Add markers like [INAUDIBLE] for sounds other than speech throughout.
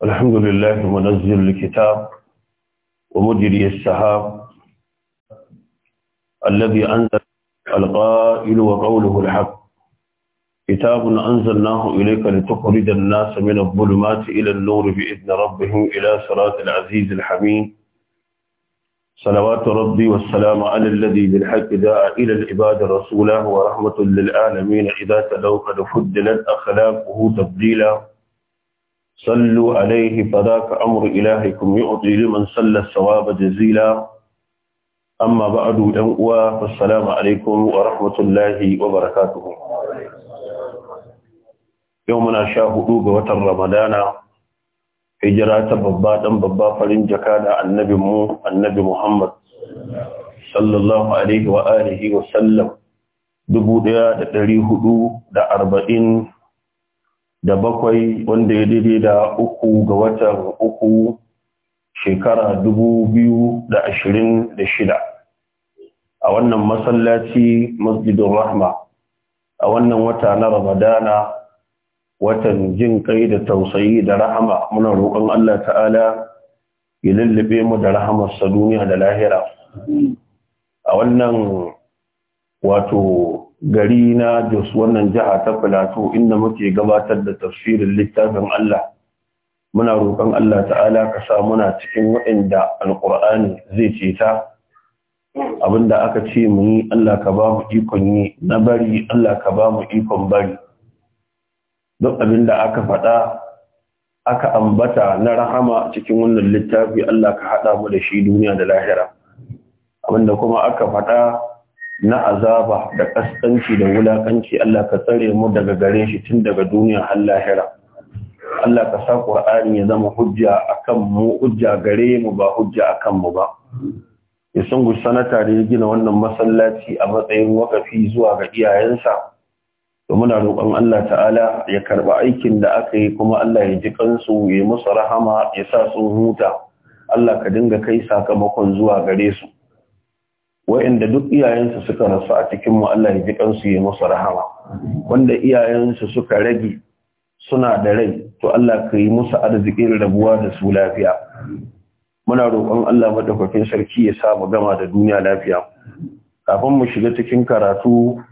الحمد لله منزل الكتاب ومجري السحاب الذي أنزل القائل وقوله الحق كتاب أنزلناه إليك لتخرج الناس من الظلمات إلى النور بإذن ربهم إلى صراط العزيز الحميد صلوات ربي والسلام على الذي بالحق جاء إلى العباد رسوله ورحمة للعالمين إذا تلو قد فدلت أخلاقه تبديلا صلوا عليه فذاك أمر إلهكم يعطي لمن صلى الثواب جزيلا أما بعد أنقوى فالسلام عليكم ورحمة الله وبركاته يومنا شاهدوا بوتر رمضان هجرة ببا دم ببا فلن جكادا النبي مو النبي محمد صلى الله عليه وآله وسلم دبو دا دا دا da bakwai wanda ya daidai da uku ga watan uku shekara dubu biyu da ashirin da shida a wannan masallaci masjidin rahma a wannan wata na ramadana watan jin kai da tausayi da rahama muna roƙon Allah ta'ala ya lullube mu da sa duniya da lahira a wannan wato gari na Jos wannan jiha ta Filato inda muke gabatar da tafsirin littafin Allah. Muna roƙon Allah ta'ala ka sa muna cikin waɗanda Alƙur'ani zai ce ta abinda aka ce mu yi Allah ka ba mu ikon yi na bari Allah ka ba mu ikon bari. Duk abinda aka faɗa aka ambata na rahama cikin wannan littafi Allah ka haɗa mu da shi duniya da lahira. Abinda kuma aka faɗa na azaba da ƙasƙanci da wulakanci Allah ka tsare mu daga gare shi tun daga duniya har lahira Allah ka sa Qur'ani ya zama hujja akan mu hujja gare mu ba hujja akan mu ba ya sungu sanata da ya gina wannan masallaci a matsayin wakafi zuwa ga iyayensa to muna roƙon Allah ta'ala ya karba aikin da aka yi kuma Allah ya ji kansu ya musu rahama ya sa sun huta Allah ka dinga kai sakamakon zuwa gare su wa'inda duk iyayensu suka rasu a cikin mu Allah ya ji kansu ya musu rahama wanda iyayensu suka rage suna da rai to Allah ka yi musu arzikin rabuwa da su lafiya muna roƙon Allah madaukakin sarki ya sa gama da duniya lafiya kafin mu shiga cikin karatu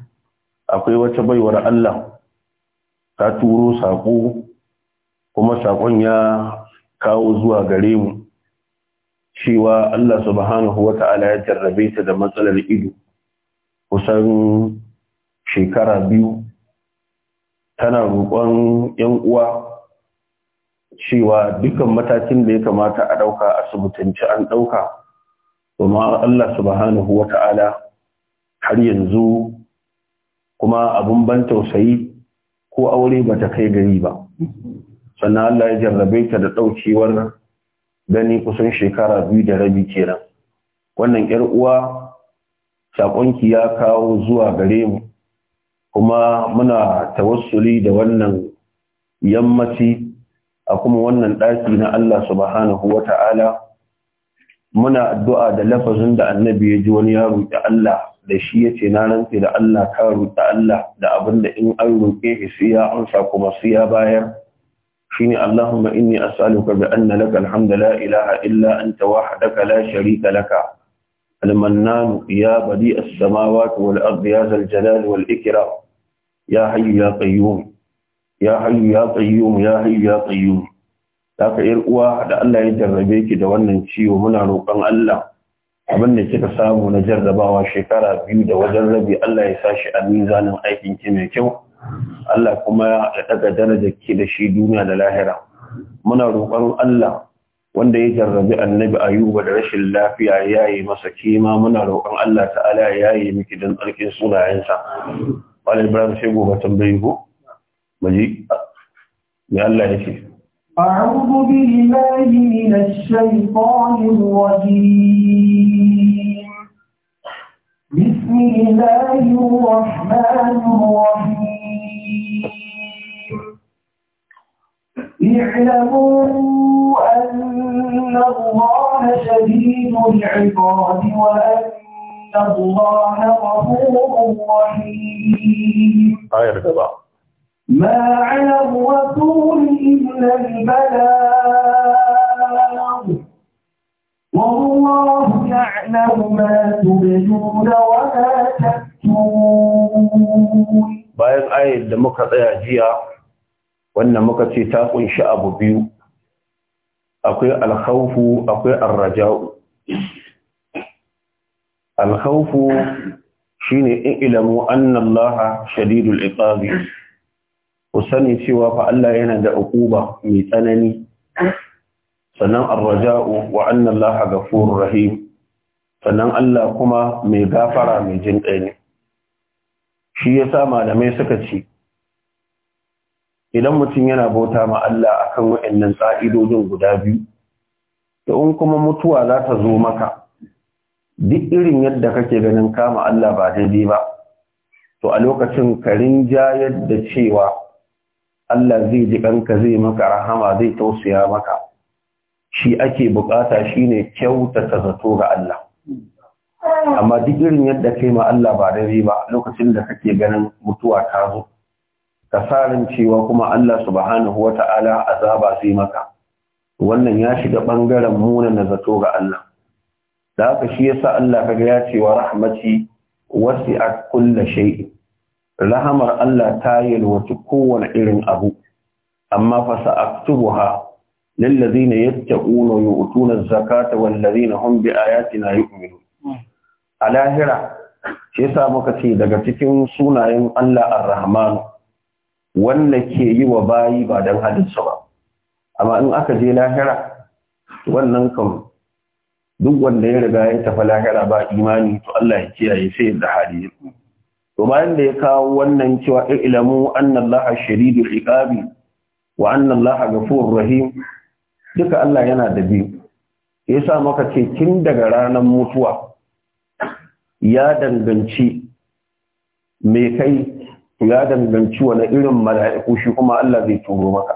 akwai wata baiwar Allah ta turo saƙo kuma saƙon ya kawo zuwa gare mu cewa Allah subhanahu wa ta'ala ya jarrabe ta da matsalar ido kusan shekara biyu tana roƙon ‘yan uwa cewa dukkan matakin da ya kamata a ɗauka subutanci an ɗauka domin Allah subhanahu wa ta'ala har yanzu kuma abin ban tausayi ko aure ba ta kai gari ba sannan Allah ya jarrabe ta da ɗaukewar gani kusan shekara biyu da rabi kenan wannan yar uwa sakonki ya kawo zuwa gare mu kuma muna tawassuli da wannan yammaci a kuma wannan ɗaki na Allah subhanahu wa ta'ala muna addu'a da lafazin da annabi ya ji wani ya da Allah da shi yace na rantse da Allah ka roƙi Allah da abin da in an roƙe shi sai ya amsa kuma sai ya bayar shine Allahumma inni as'aluka bi anna laka alhamdu la ilaha illa anta wahdaka la sharika laka المنان يا بديع السماوات والأرض يا ذا الجلال والإكرام يا حي يا قيوم يا حي يا قيوم يا حي يا قيوم haka ‘yar uwa da Allah ya jarrabe ki da wannan ciwo muna roƙon Allah abin da kika samu na jarrabawa shekara biyu da wajen rabi Allah ya sa shi a zanen aikin ki mai kyau Allah kuma ya daga darajar ke da shi duniya da lahira muna roƙon Allah wanda ya jarrabi annabi ayuba da rashin lafiya yayi masa kima muna roƙon Allah ta'ala yayi miki dan tsarkin sunayensa wal ibrahim sai gobe tambayi ko maji ya Allah yake أعوذ بالله من الشيطان الرجيم بسم الله الرحمن الرحيم اعلموا أن الله شديد العقاب وأن الله غفور رحيم آية ما على الرسول إلا البلاغ والله يعلم ما تبدون وما تكتمون بايد آية لمكة يا جيا wannan muka ce ta kunshi abu biyu akwai alhaufu, akwai arraja'u alkhawfu shine in ilamu anna allaha shadidul ku sani cewa fa Allah yana da uquba mai tsanani sannan arraja'u wa anna ghafurur rahim sannan Allah kuma mai gafara mai jin ne shi yasa malamai suka ce idan mutum yana bauta ma Allah akan waɗannan tsa'idojin guda biyu da in kuma mutuwa za ta zo maka duk irin yadda kake ganin kama Allah ba daidai ba to a lokacin ka rinjayar yadda cewa Allah zai ji kanka zai maka rahama zai tausaya maka shi ake bukata shine kyautata zato ga Allah amma duk irin yadda kai ma Allah ba daidai ba lokacin da kake ganin mutuwa ta zo kasarin cewa kuma Allah subhanahu wa ta'ala azaba sai maka wannan ya shiga ɓangaren muna na zato ga Allah da haka shi yasa Allah kaga ya ce wa rahmati a kulla shay'in rahamar Allah ta yalwaci kowane irin abu amma fa sa'aktubuha lil na yadda wa yu'tuna az-zakata wal ladina na yi ayatina A lahira, shi yasa muka ce daga cikin sunayen Allah ar rahmanu wanda ke yi wa bayi ba don halinsa ba amma in aka je lahira wannan kan duk wanda ya riga ya tafi lahira ba imani to Allah ya kiyaye sai da hali to bayan da ya kawo wannan cewa ilamu anna Allah shadidul iqabi wa anna Allah ghafurur rahim duka Allah yana da biyu yasa maka ce tun daga ranar mutuwa ya danganci me kai ya danganci wani irin mala'iku shi kuma Allah zai turo maka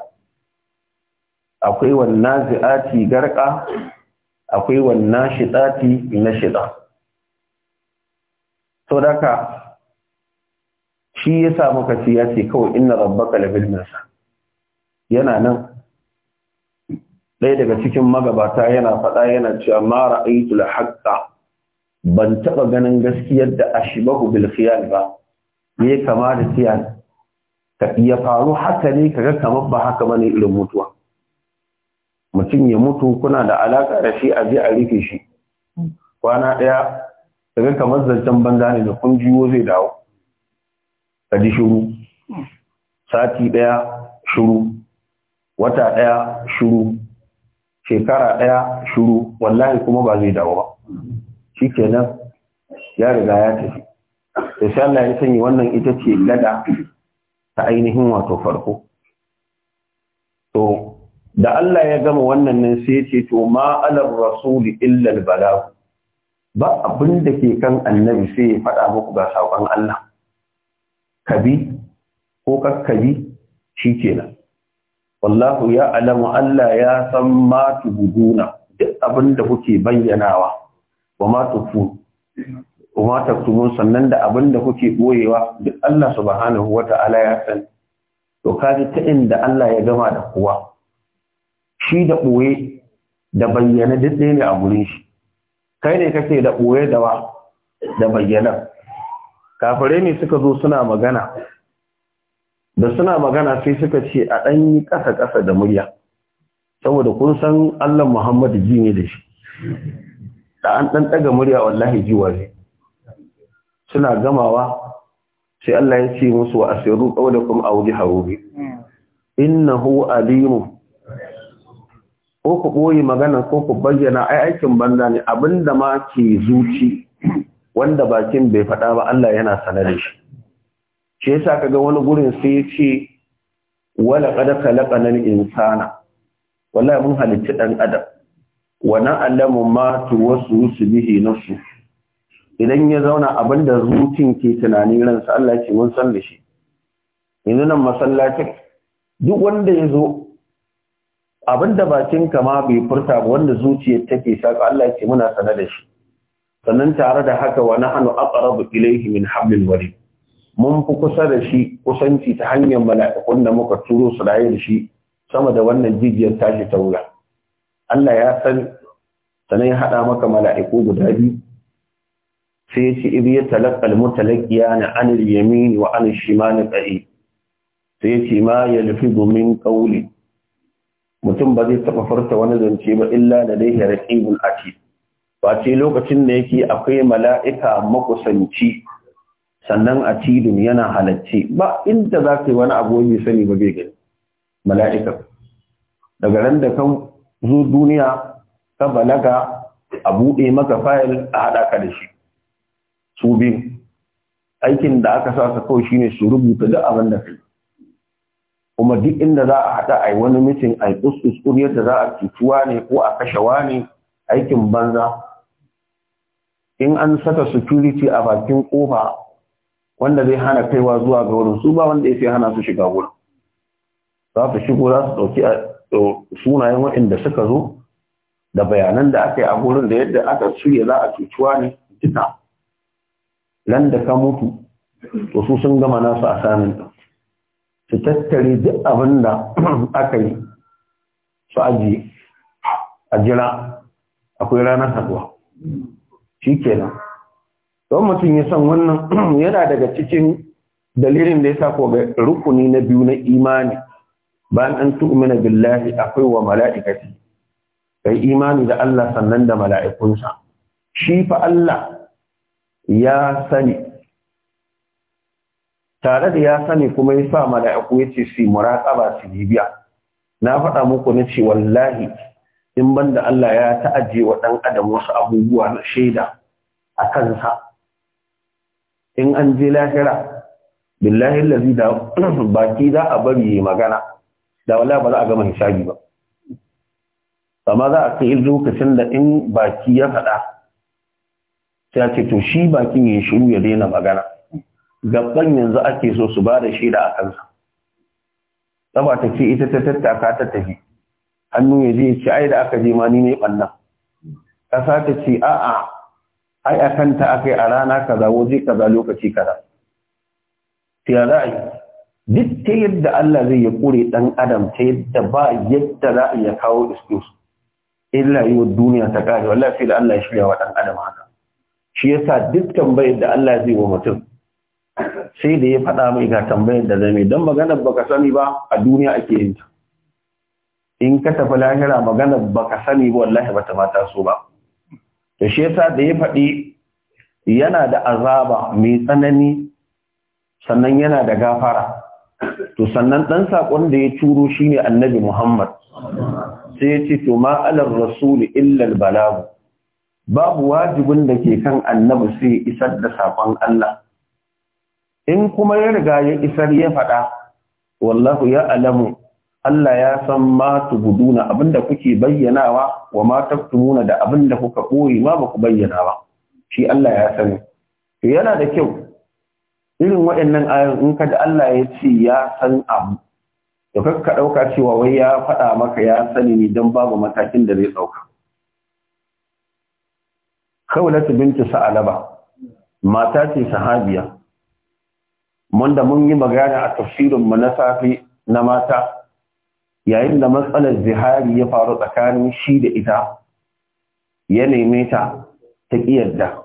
akwai wanna zi'ati garka akwai wanna shidati na shida to daka shi yasa muka ce ya ce kawai na rabbaka labil yana nan ɗaya daga cikin magabata yana faɗa yana cewa ma ra'aytu al ban taɓa ganin gaskiyar da ashbahu bil khiyal ba Me ya kama da Ka iya faru haka ne kaga kamar ba haka bane irin mutuwa mutum ya mutu kuna da alaka da shi a je a rufe shi kwana daya ga kamar zancen banza ne da kun jiwo zai dawo ka ji shuru. sati daya shuru, wata daya shuru, shekara daya shuru, wallahi kuma ba zai dawo ba shi kenan ya riga ya tafi sai Allah ya sanya wannan ita ce gada ta ainihin wato farko to da Allah ya gama wannan nan sai ya ce to ma alar rasul illa al balagh ba abin da ke kan annabi sai ya faɗa muku ga saƙon Allah kabi ko kakkabi kenan. wallahu ya alamu Allah ya san ma tubuduna duk abin da kuke bayyanawa wa ma tufu kuma sannan da abin da kuke ɓoyewa, duk Allah subhanahu wata'ala ya san to kaji ta inda Allah ya gama da kowa shi da boye da bayyana duk ɗaya ne a gurin shi kai ne kake da boye da wa da bayyana kafare ne suka zo suna magana da suna magana sai suka ce a ɗan yi ƙasa ƙasa da murya saboda kun san Allah Muhammadu ji ne da shi da an ɗan ɗaga murya wallahi ji waje suna gamawa sai Allah ya ce musu wa asiru qawlakum aw bi innahu alimu ko ku ɓoye magana ko ku bayyana ai aikin banza ne abinda ma ke zuci wanda bakin bai faɗa ba Allah yana sanar shi shi yasa kaga wani gurin sai yace ce wala qad khalaqana al-insana wallahi mun halicci dan adam wa na'lamu ma tuwasu bihi nafsuhu idan ya zauna abin da zucin ke tunanin ransa Allah ce mun san da shi yanzu nan masallacin duk wanda ya zo abin da bakin kama bai furta ba wanda zuciyar take saka Allah ce muna sanar da shi sannan tare da haka wa nahnu aqrabu ilayhi min hablil warid mun fi kusa da shi kusanci ta hanyar mala'ikun da muka turo su da shi sama da wannan jijiyar tashi ta wula Allah ya san sanai hada maka mala'iku guda biyu sai yace ya yatalaqqa mutalakiya na anil yamin wa 'an ma shimal sai yace ma ya lufi domin qawli mutum ba zai taba furta wani zance ba illa da dai raqibul Ba ce lokacin da yake akwai mala'ika makusanci sannan a atidun yana halarci ba inda za ka yi wani abu sani ba bai gani mala'ika daga ran da kan zo duniya ka balaga a buɗe maka fayil a haɗa ka da shi su biyu aikin da aka sa su shi ne su rubuta duk abin da kai kuma duk inda za a haɗa a yi wani mitin a yi kuskus yadda za a cutuwa ne ko a kashewa ne aikin banza in an saka security a bakin kofa wanda zai hana kaiwa zuwa ga wurin su ba wanda ya sai hana su shiga wurin za su shigo za su ɗauki sunayen waɗanda suka zo da bayanan da aka yi a wurin da yadda aka shirya za a cutuwa ne duka Landa ka mutu to su sun gama nasu a samun ɗin su tattare duk abin da [CLEARS THROAT] aka yi su ajiye a jira akwai ranar haduwa shi kenan don mutum ya san wannan [CLEARS THROAT] yana daga cikin dalilin da ya sa ko ga rukuni na biyu na imani bayan an tu'mina billahi akwai wa mala'ikati kai imani da Allah sannan da mala'ikunsa shi fa Allah ya sani tare da ya sani kuma ya sa mana ya ce si muraƙaba su bibiya na faɗa muku na ce wallahi in banda Allah ya ta'aje wa ɗan adam wasu abubuwa na shaida a kansa in an je lahira billahi lazi da [CLEARS THROAT] baki za a bari ya magana da wala ba za a gama hisabi ba amma za a kai lokacin da in baki ya faɗa ta ce to shi bakin ya shiru ya daina magana gaban yanzu ake so su ba da shaida a kansa saba ta ce ita ta tattaka ta tafi hannu ya je ce ai da aka je ma ni ne banna kasa ta ce a'a ai a kanta aka a rana kaza waje kaza lokaci kaza sai ya ra'ayi duk ta yadda Allah zai ya kure dan adam ta yadda ba yadda za a iya kawo excuse illa yi wa duniya ta kare wallahi sai da Allah ya shirya wa dan adam haka shi yasa duk tambayar da Allah zai wa mutum sai da ya faɗa mai ga tambayar da mai don maganar ka sani ba a duniya ake yin ta in ka tafi lahira maganar ka sani ba wallahi ba bata mata so ba da shi yasa da ya faɗi yana da azaba mai tsanani sannan yana da gafara to sannan ɗan sakon da ya turo ne annabi Muhammad sai ya ce to ma'alar alar illal balagu babu wajibin da ke kan annabi sai isar da sakon Allah in kuma ya riga ya isar ya faɗa wallahu ya alamu Allah ya san ma abin abinda kuke bayyanawa wa ma taktumuna da abinda kuka koyi ma baku bayyana ba shi Allah ya sani to yana da kyau irin waɗannan ayoyin in ka da Allah ya ce ya san abu to kakka ɗauka cewa wai ya faɗa maka ya sani ne don babu matakin da zai ɗauka khawlatu binti sa'alaba mata ce sahabiya mun da mun yi magana a tafsirin mu na safi na mata yayin da matsalar zihari ya faru tsakanin shi da ita ya neme ta ta kiyarda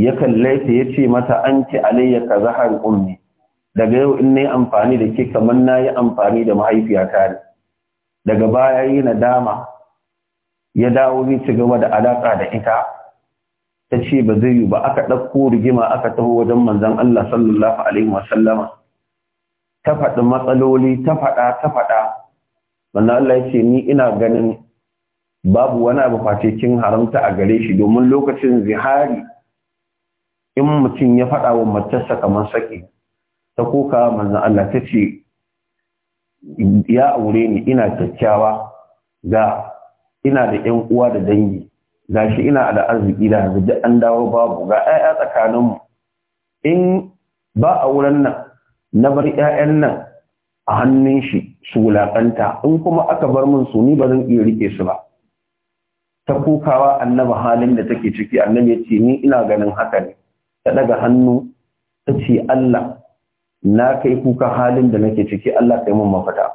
ya kalle ta ya ce mata an ci alayya ka zahar ummi daga yau in nayi amfani da ke kamar nayi amfani da mahaifiyata ne daga baya yi nadama ya dawo zai ci gaba da alaƙa da ita ta ce ba zai yi ba aka ɗauko rigima aka taho wajen manzan Allah sallallahu alaihi wasallama ta faɗi matsaloli ta faɗa ta faɗa wanda Allah ya ce ni ina ganin babu wani abu face kin haramta a gare shi domin lokacin zihari in mutum ya faɗa wa matarsa kamar saki ta koka manzan Allah ta ce ya aure ni ina kyakkyawa ga ina da ƴan uwa da dangi gashi ina da arziki da haɗu an dawo babu ga ƴaƴa tsakaninmu in ba a wurin nan na bar 'ya'yan nan a hannun shi su wulaƙanta in kuma aka bar min su ni ba zan iya riƙe su ba ta kukawa annaba halin da take ciki annabi ya ce ni ina ganin haka ne ta ɗaga hannu ta ce Allah na kai kuka halin da nake ciki Allah kai mun mafita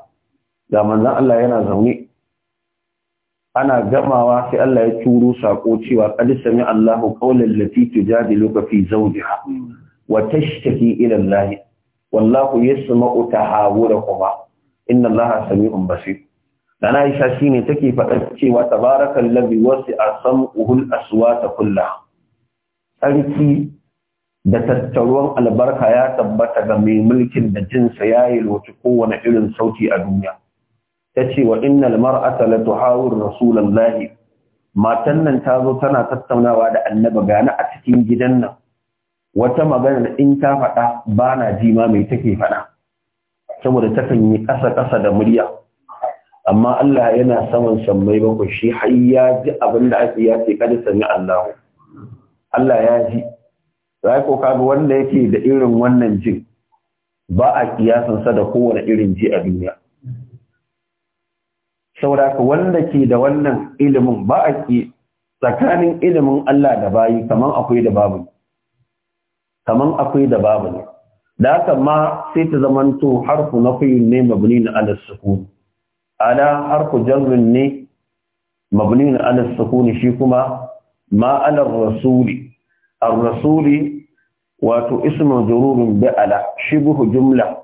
ga manzon Allah yana zaune ana gamawa sai Allah ya turo sako cewa qad Allahu qawlan lati tujadiluka fi zawjiha wa tashtaki ila Allah wallahu yasma'u tahawurakuma inna Allaha sami'un basir dana Aisha shine take faɗa cewa wasu ladhi wasi'a sam'uhul aswata kulla. sarki da tattaruwan albarka ya tabbata ga mai mulkin da jinsa ya yi lokaci kowane irin sauti a duniya ce wa innal mar'ata la tuhawir rasulullahi matan nan ta zo tana tattaunawa da annabi gana a cikin gidan nan wata magana in ta faɗa ba na ji ma mai take faɗa saboda takan yi ƙasa ƙasa da murya amma Allah yana saman sammai bakwai shi har ya ji abin da ake ya ce kada sami Allah Allah ya ji sai ko kaga wanda yake da irin wannan jin ba a kiyasansa da kowane irin ji a duniya saboda ka wanda ke da wannan ilimin ba a ke tsakanin ilimin Allah da bayi kaman akwai da babu ne kaman akwai da babu ne da haka ma sai ta zamanto harku na kuyin ne mabni na ala sukun Ana harku jarrin ne mabni na su sukun shi kuma ma rasuli ar-rasuli wato ismu jarumin bi ala shibhu jumla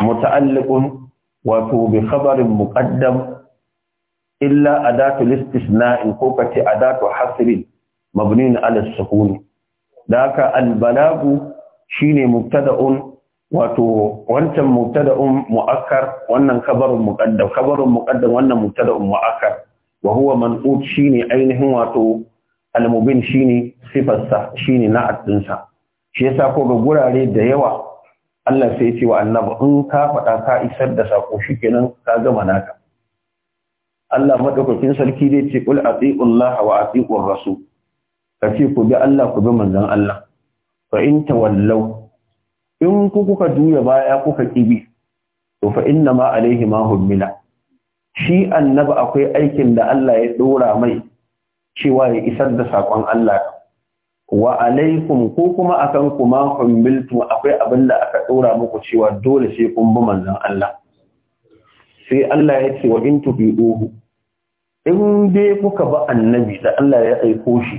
muta'alliqun wato bi khabarin muqaddam illa adatu listisna'in ko kace adatu hasrin mabnin ala sukuni da haka albalagu shine mubtada'un wato wancan mubtada'un mu'akkar wannan khabarun muqaddam khabarun muqaddam wannan mubtada'un mu'akkar wa huwa manqut shine ainihin wato almubin shine sifarsa shine na'at dinsa shi yasa ko ga gurare da yawa Allah sai ya ce wa annabi in ka faɗa ka isar da sako shikenan ka gama naka Allah madaukakin sarki dai ce kul atiullah wa atiur rasul kace ku bi Allah ku bi manzon Allah fa in tawallau in ku kuka juya baya kuka kibi to fa inna ma alaihi ma hummila shi annabi akwai aikin da Allah ya dora mai cewa ya isar da sakon Allah wa alaikum ko kuma akan kuma humbiltu akwai abin da aka dora muku cewa dole sai kun bi manzon Allah sai Allah ya ce wa in tubiduhu in dai kuka ba annabi da Allah ya aiko shi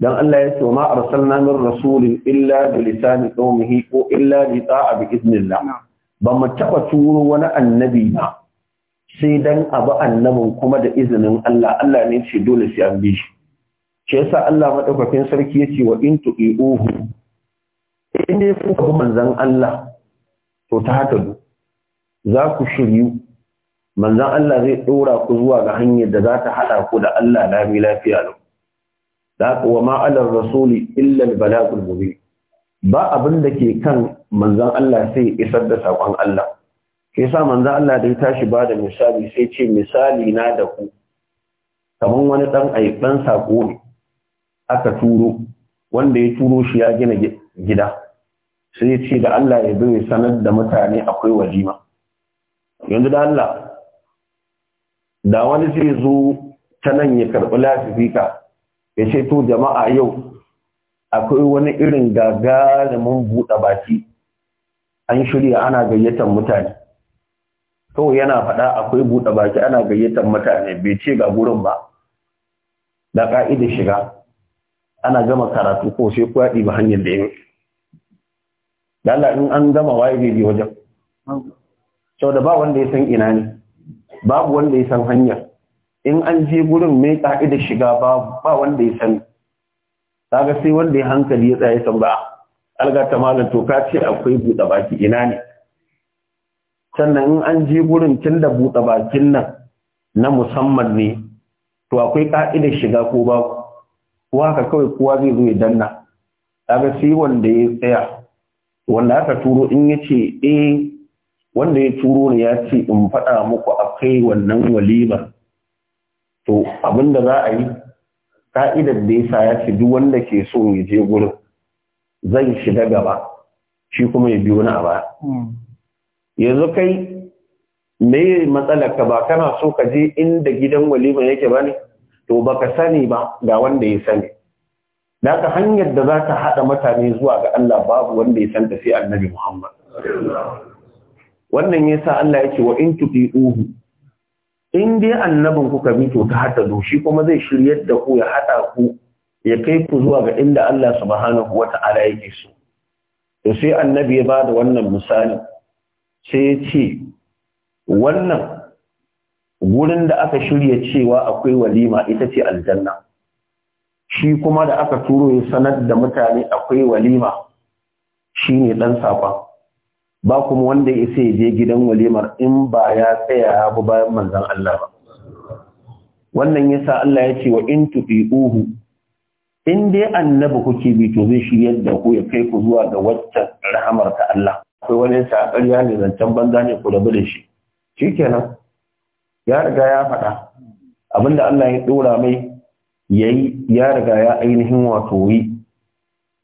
dan Allah ya ce ma arsalna min rasulin illa bi lisani qawmihi ko illa bi ta'a bi iznillah ba mu taba turo wani annabi ba sai dan abu annabin kuma da izinin Allah Allah ne ce dole sai an bi shi ke yasa Allah madaukakin sarki yace wa in tu'ihu in dai kuka bi manzon Allah to ta haka za ku shiryu manzan Allah zai ɗora ku zuwa ga hanyar da za ta haɗa ku da Allah na mi lafiya lau. Da haka wa ma'alar rasuli illal balagul mubin. Ba abin da ke kan manzan Allah sai isar da saƙon Allah. Ke sa manzan Allah da ya tashi ba da misali sai ce misali na da ku. Kamar wani ɗan aiɓan saƙo ne aka turo wanda ya turo shi ya gina gida. Sai ce da Allah ya bi sanar da mutane akwai wajima. Yanzu da Allah da wani zai zo ta nan ya karɓi lasifika ya ce to jama'a yau akwai wani irin gagarumin buɗe baki an shirya ana gayyatar mutane kawai yana faɗa akwai buɗe baki ana gayyatar mutane bai ce ga gurin ba da ƙa'idar shiga ana gama karatu ko sai ku yaɗi ba hanyar da yi da Allah in an gama waye bai bi wajen sau da ba wanda ya san ina ne babu wanda ya san hanyar in an je gurin mai ka'ida shiga ba wanda ya sani ga sai wanda ya hankali ya tsaye san ba alga ta malam to ka ce akwai buɗe baki ina ne sannan in an je gurin tun da buɗe bakin nan na musamman ne to akwai ka'ida shiga ko ba? ko haka kawai kowa zai zo ya danna ga sai wanda ya tsaya wanda aka turo in ya ce eh wanda ya turo ni ya ce in faɗa muku a kai wannan walima to da za a yi ka'idar da yasa ya ce duk wanda ke so ya je gurin zai shiga gaba shi kuma ya biyo na a hmm. yanzu kai me ka ba kana so ka je inda gidan walima yake ba ne to baka sani ba ga wanda ya sani da hanyar da za ka haɗa mutane zuwa ga Allah babu wanda ya san santa sai annabi Muhammad wannan ya sa Allah yake wa in uhu' in dai annabin kuka bi to ta hada shi kuma zai shiryar da ku ya hada ku ya kai ku zuwa ga inda Allah subhanahu ta'ala yake so to sai annabi ya bada wannan misali sai ya ce wannan gurin da aka shirya cewa akwai walima ita ce aljanna shi kuma da aka turo ya sanar da mutane akwai walima shine dan safa ba kuma wanda ya sai je gidan walimar in ba ya tsaya ba bayan manzan Allah ba wannan ya sa Allah ya ce wa in uhu. in dai annabi kuke bi to zai shiryar da ku ya kai ku zuwa ga waccan rahamar ta Allah akwai wani sa ƙarya ne zancen banza ne ku rabu da shi kenan ya riga ya faɗa abinda Allah ya ɗora mai yayi ya riga ya ainihin wato yi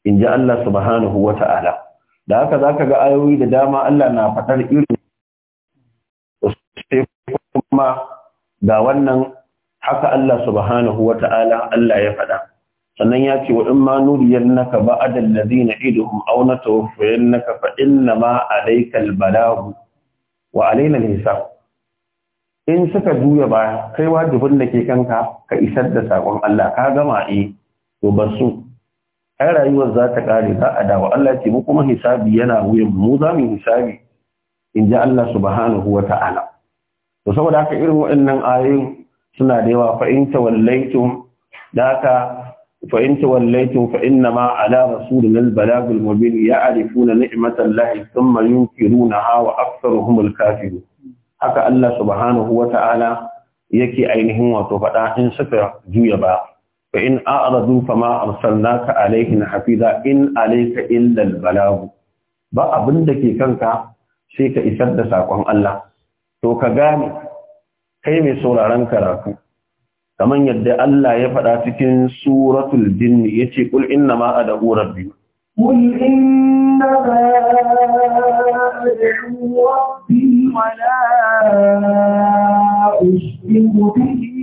in ji Allah subhanahu wa ta'ala. da haka za ka ga ayoyi da dama Allah na faɗar irin sai kuma ga wannan haka Allah subhanahu wa ta'ala Allah ya faɗa sannan ya ce wa in ma nuriyar naka ba adal ladina iduhum aw natawaffayar naka fa inna ma alaikal albalagu wa alaina alhisab in suka juya ba kai wajibin da ke kanka ka isar da sakon Allah ka gama eh to su. ai rayuwar za ta kare za a dawo Allah ce mu kuma hisabi yana wuyan mu za mu hisabi in ji Allah subhanahu wa ta'ala to saboda haka irin waɗannan ayoyin suna da yawa fa in tawallaitum daka fa in tawallaitum fa inna ma ala rasulina al-balagul mubin ya'rifuna ni'matallahi thumma yunkirunaha wa aktharuhum al haka Allah subhanahu wa ta'ala yake ainihin wato faɗa in suka juya ba fa in a'radu fama arsalnaka alaihim hafiza in alayka illa al-balagh ba abin da ke kanka sai ka isar da sakon Allah to ka gane kai mai sauraron karatu kamar yadda Allah ya faɗa cikin suratul jinn yace qul inna ma ad'u rabbi قل إنما أدعو ربي ولا أشرك به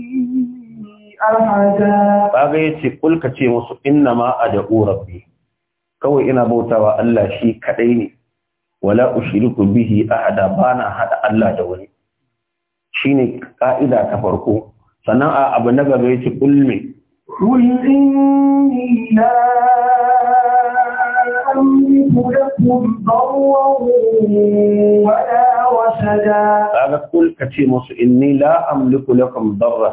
ahada ya yace kulka ce musu inna ma da rabbi kawai ina bautawa Allah shi kadai ne wala ushiriku bihi ahada bana hada Allah da wani ne ƙa'ida ta farko sannan a abu na gaba ce kulmi kul inni la amliku lakum kulka ce musu inni la amliku lakum darran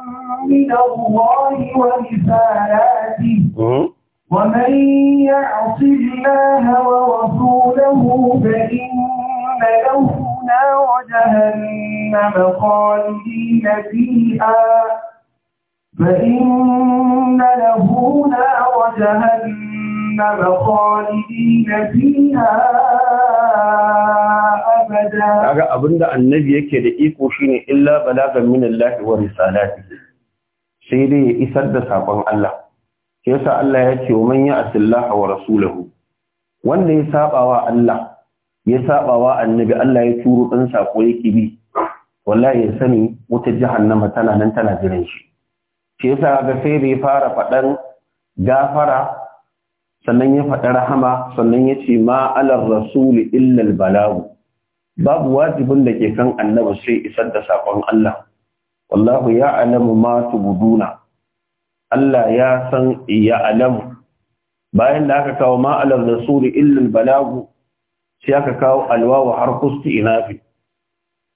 من الله ورسالاته ومن يعص الله ورسوله فإن له نار جهنم خالدين فيها فإن له نار جهنم خالدين فيها Kaga abinda annabi yake da iko shine illa balagan min Allah wa risalatihi. sai dai ya isar da saƙon Allah shi yasa Allah ya ce wa man ya'tillaha wa rasulahu wanda ya saba wa Allah ya saba wa annabi Allah ya turo ɗan saƙo yake bi wallahi ya sani wata jahannama tana nan tana jiran shi ga sai da ya fara faɗan gafara sannan ya faɗi rahama sannan ya ce ma alar rasuli illal Balawu. babu wajibin da ke kan annabi sai isar da saƙon Allah wallahu ya alamu ma Allah ya san ya alamu bayan da aka kawo ma'alar alal rasuli illal balagu shi aka kawo alwawu harfu inafi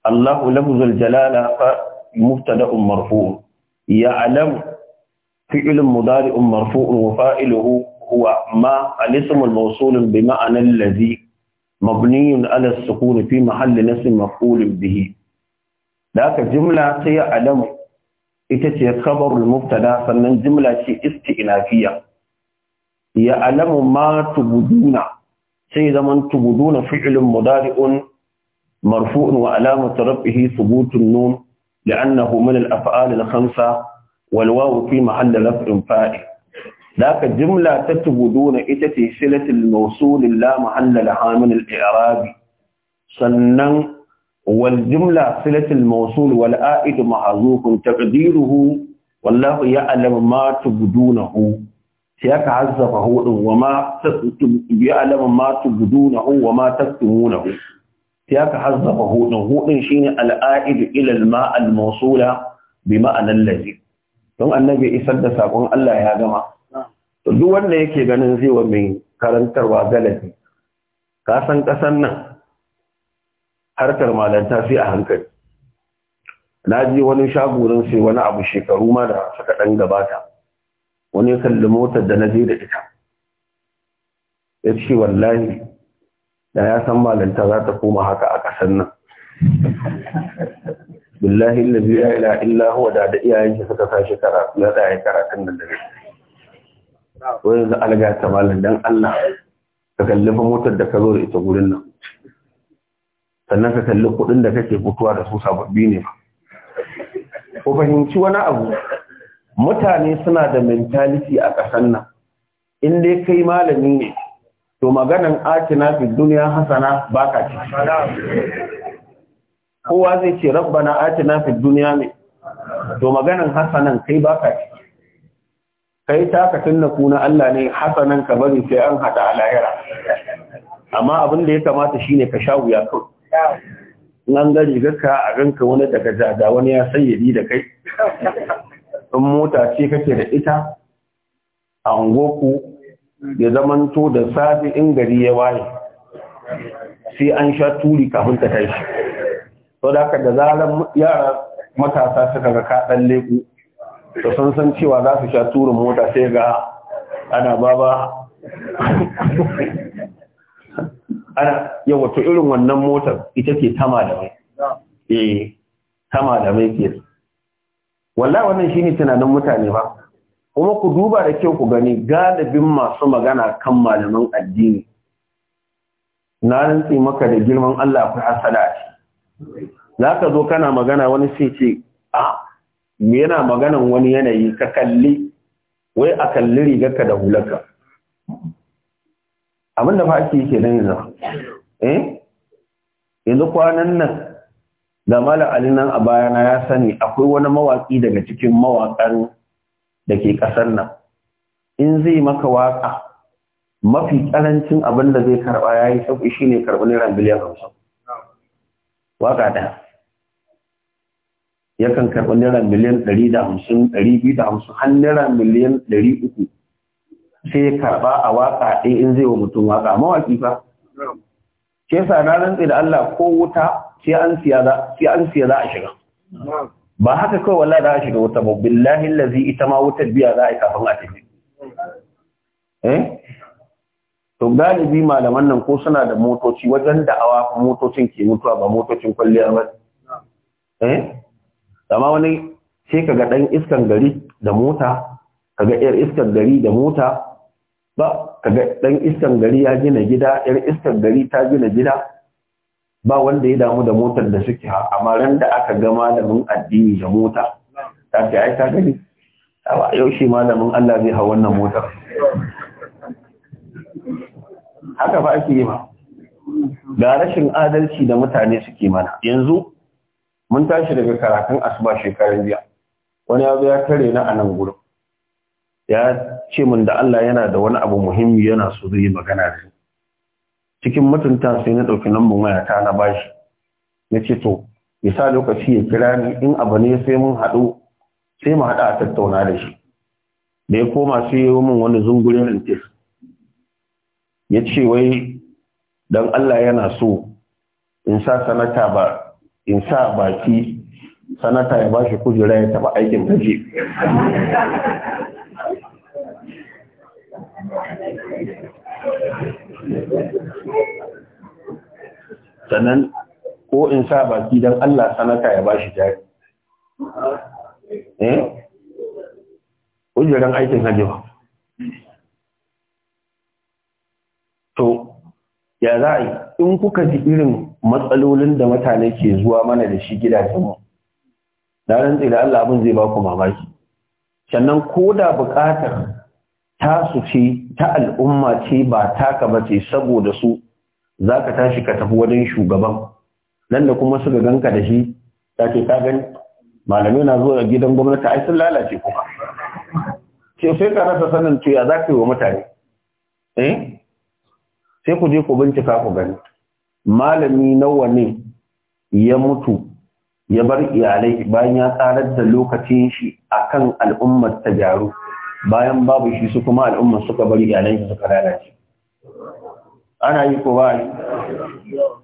Allah lafzul jalala fa mubtada'un marfu' ya alamu fi'l mudari'un marfu' wa fa'iluhu huwa ma al-ism bi ma'na lazi mabniyun ala as-sukun fi mahall nasb maf'ul bihi da aka jimla ta yi ita ce khabarul muftala sannan jimla ce isti'nafiya ya alamu ma tubuduna sai zaman tubuduna fi'lun mudari'un marfu'un wa alamatu rabbihi thubutun nun li'annahu min al-af'al al-khamsa wal wawu fi mahall raf'in fa'i da aka jimla ta tubuduna ita ce silatul mawsul la mahall laha min al sannan والجملة صلة الموصول والآئد محذوف تقديره والله يعلم ما تبدونه سياك عزف هو وما يعلم ما تبدونه وما تكتمونه سياك عزف هو هو شين الآئد إلى الماء الموصولة بمعنى الذي don annabi isar da sakon Allah ya gama duk wanda yake ganin zai wa mai karantarwa galabi ka san kasan nan harkar malanta sai a hankali na ji wani shagorin sai wani abu shekaru ma da suka ɗan gabata wani ya kalli motar da na je da ita ya ce wallahi da ya san malanta za ta koma haka a ƙasar nan [LAUGHS] billahi lalzi ya ila illa huwa da da iyayen shi suka sa karatu ya tsaye karatun da dare wani za alga ta malam don Allah ka kalli motar da ka zo da ita gurin nan sannan ka kalli kuɗin da kake fitowa da su sababbi ne ba ku fahimci wani abu mutane suna da mentaliti a ƙasan nan in dai kai malami ne to maganan atina fi duniya hasana ka ci kowa zai ce rabbana atina fi duniya ne to maganan hasanan kai baka ci kai taka na kuna Allah ne hasanan ka bari sai an haɗa a lahira amma abin da ya kamata shi ne ka sha wuya kawai nan gari gaka a ganka wani daga jada wani ya sayyadi da kai in mota ce kake da ita a ungoku ya zamanto da safi in gari ya waye sai an sha turi kafin ta tashi sau da haka da zaran yara matasa suka ga kaɗan leku da sun san cewa za su sha turin mota sai ga ana baba ana yawa to irin wannan motar ita ke tama da mai eh tama da mai ke wallahi wannan ne tunanin mutane ba kuma ku duba da kyau ku gani galibin masu magana kan malaman addini na rantsi maka da girman Allah ku hasada ce za ka zo kana magana wani sai ce a yana maganan wani yanayi ka kalli wai a kalli rigarka da hularka abinda fa ake yake nan yanzu eh yanzu kwanan nan da malam ali nan a bayana ya sani akwai wani mawaki daga cikin mawakan da ke kasar nan in zai maka waka mafi karancin abin da zai karba yayi sauki shine karɓi naira miliyan hamsin, waka ɗaya. yakan karɓi naira miliyan ɗari da hamsin ɗari biyu da hamsin har naira miliyan ɗari uku sai ya karba a waka ɗin in zai wa mutum waka mawaki fa ke sa na rantsi da Allah ko wuta sai an siya za a shiga ba haka kawai wallahi za a shiga wuta ba billahi lazi ita ma wutar biya za a yi kafin a tafi eh to galibi malaman nan ko suna da motoci wajen da awa motocin ke mutuwa ba motocin kwalliya ba eh amma wani sai kaga dan iskan gari da mota kaga yar iskan gari da mota ba kaga dan iskan gari ya gina gida yar iskan gari ta gina gida ba wanda ya damu da motar da suke ha amma ran da aka ga malamin addini da mota ta ce ai ta gani a yau shi malamin Allah zai hau wannan motar haka ba ake yi ba ga rashin adalci da mutane suke mana yanzu mun tashi daga karatun asuba shekaran jiya wani ya zo ya kare na a nan gurin ya ce min da Allah yana da wani abu muhimmi yana so zai magana da shi cikin mutunta sai na ɗauki lambun ta na bashi na ce to ya sa lokaci ya kira ni in abu ne sai mun haɗu sai mu haɗa a tattauna da shi da ya koma sai ya yi min wani zungurin rintis ya ce wai dan Allah yana so in sa sanata ba in sa baki sanata ya bashi kujera ya taɓa aikin gaji [LAUGHS] sannan ko in sa baki don Allah sanata ya bashi jari eh ujiran aikin ba to ya za in kuka ji irin matsalolin da mutane ke zuwa mana da shi gidajenmu na rantsi da Allah abin zai ba ku mamaki sannan ko da buƙatar tasu ce ta al'umma ce ba taka ba ce saboda su za ka tashi ka tafi wajen shugaban nan da kuma suka ganka da shi ta ce ka gani malamai na zuwa gidan gwamnati ai sun lalace kuma ce sai ka rasa sanin tuya za ka yi wa mutane eh sai ku je ku bincika ku gani malami nawa ne ya mutu ya bar iyalai bayan ya tsarar da lokacin shi a kan al'ummar ta gyaru bayan babu shi su kuma al'ummar suka bar iyalai suka lalace ana yi ko ba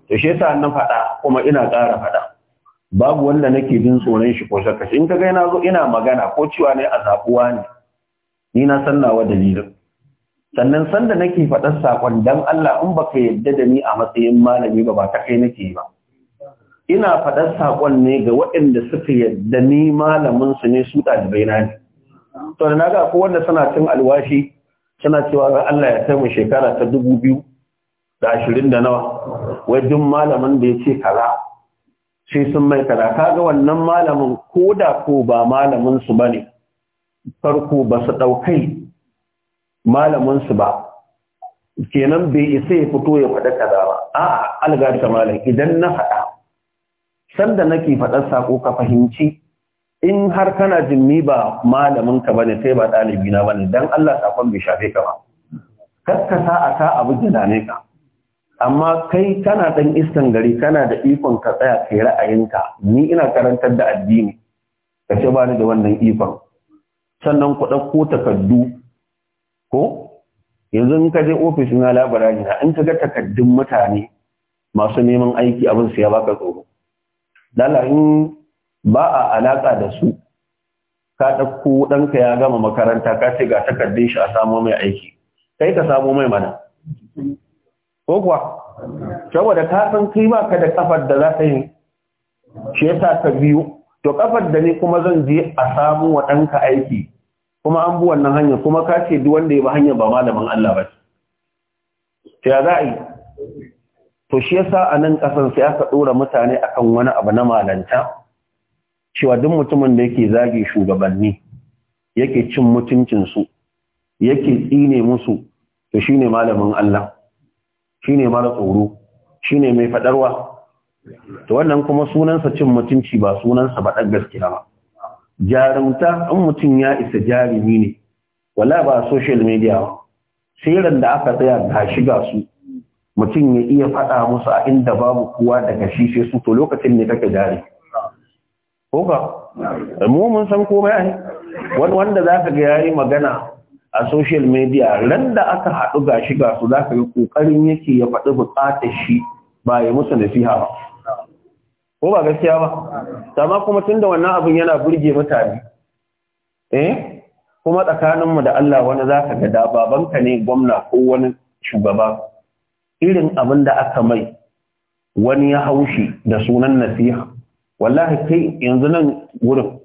ta shi sa na faɗa kuma ina ƙara faɗa babu wanda nake jin tsoron shi ko shakka in ka gaina zo ina magana ko cewa ne a zaɓuwa ne ni na san nawa dalilin sannan sanda nake faɗar sakon dan Allah in baka yadda da ni a matsayin malami ba ba ta kai nake ba ina faɗar saƙon ne ga waɗanda suka yadda ni malamin su ne su ɗalibai na ne to da naga ko wanda suna cin alwashi suna cewa ga Allah ya kai shekara ta dubu biyu da ashirin da nawa wai duk malamin da ya ce kaza sai sun mai kaza kaga wannan malamin ko da ko ba malamin su bane farko ba su ɗaukai malamin su ba kenan bai isa ya fito ya faɗa kaza ba a'a algarta malam idan na faɗa sanda nake faɗar sako ka fahimci in har kana jimmi ba malamin ka bane sai ba ɗalibi na bane dan Allah sakon bai shafe ka ba kaskasa a ka abu da ka amma kai kana dan iskan gari kana da ikon ka tsaya kai ra'ayinka ni ina karantar da addini ka ce bani da wannan ikon sannan ku ko takaddu ko yanzu in ka je ofis na na, in ka ga takaddun mutane masu neman aiki abin su ya baka tsoro dalayin ba a alaƙa da su ka ɗauko ɗanka ya gama makaranta ka ce ga takardun shi a samo mai aiki kai ka samo mai mana ko kuwa saboda ka san kai ba ka da kafar da za ta yi shi yasa ka biyo to kafar da ne kuma zan je a samu wa ɗanka aiki kuma an bi wannan hanya kuma ka ce duk wanda ya ba hanya ba malamin Allah ba ce ya za a yi to shi yasa a nan ƙasan sai aka ɗora mutane akan wani abu na malanta cewa duk mutumin da yake zage shugabanni yake cin mutuncinsu yake tsine musu to shi ne malamin Allah shi ne mara tsoro shi ne mai faɗarwa, to wannan kuma sunansa cin mutunci ba sunansa ba ɗan gaskiya ba jarumta in mutum ya isa jarumi ne wala ba social media ba sai da aka tsaya ga shiga su mutum ya iya faɗa musu a inda babu kuwa daga shi sai su to lokacin ne kake jari ko ka mu mun san komai ai wanda zaka ga yayi magana a social media ran da aka haɗu ga shi ga su zaka yi kokarin yake ya faɗi buƙatar shi ba ya musu nasiha ba ko ba gaskiya ba amma kuma tunda wannan abin yana burge mutane eh kuma tsakaninmu da Allah wani zaka ga da babanka ne gwamna ko wani shugaba irin abin da aka mai wani ya haushi da sunan nasiha wallahi kai yanzu nan wurin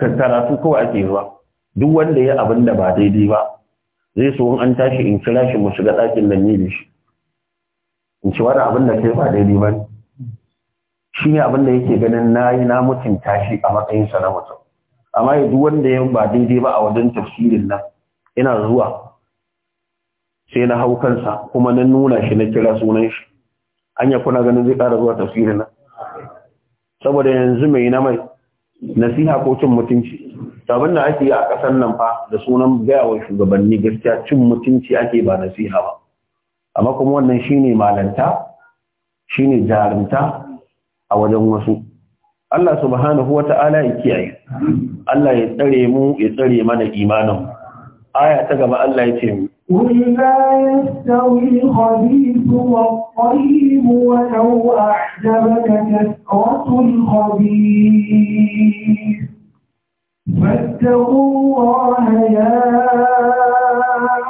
karatu kawai ake zuwa duk wanda ya abin da ba daidai ba zai so an tashi in kira shi mu shiga ɗakin nan ne shi in ci wani abin da kai ba daidai ba ne shi ne abin da yake ganin na yi na mutunta shi a matsayinsa na mutum amma ya duk wanda ya ba daidai ba a wajen tafsirin nan ina zuwa sai na hau kansa kuma na nuna shi na kira sunan shi anya kuna ganin zai ƙara zuwa tafsirin nan saboda yanzu mai na mai nasiha ko cin mutunci abin da ake yi a ƙasar nan fa da sunan gayawa shugabanni gaskiya cin mutunci ake ba nasiha ba amma kuma wannan shine malanta shine jarumta a wajen wasu Allah subhanahu wata'ala ya kiyaye Allah ya tsare mu ya tsare mana imanin aya ta gaba Allah ya ce قل لا يستوي الخبيث والطيب ولو أعجبك كثرة الخبيث فاتقوا الله يا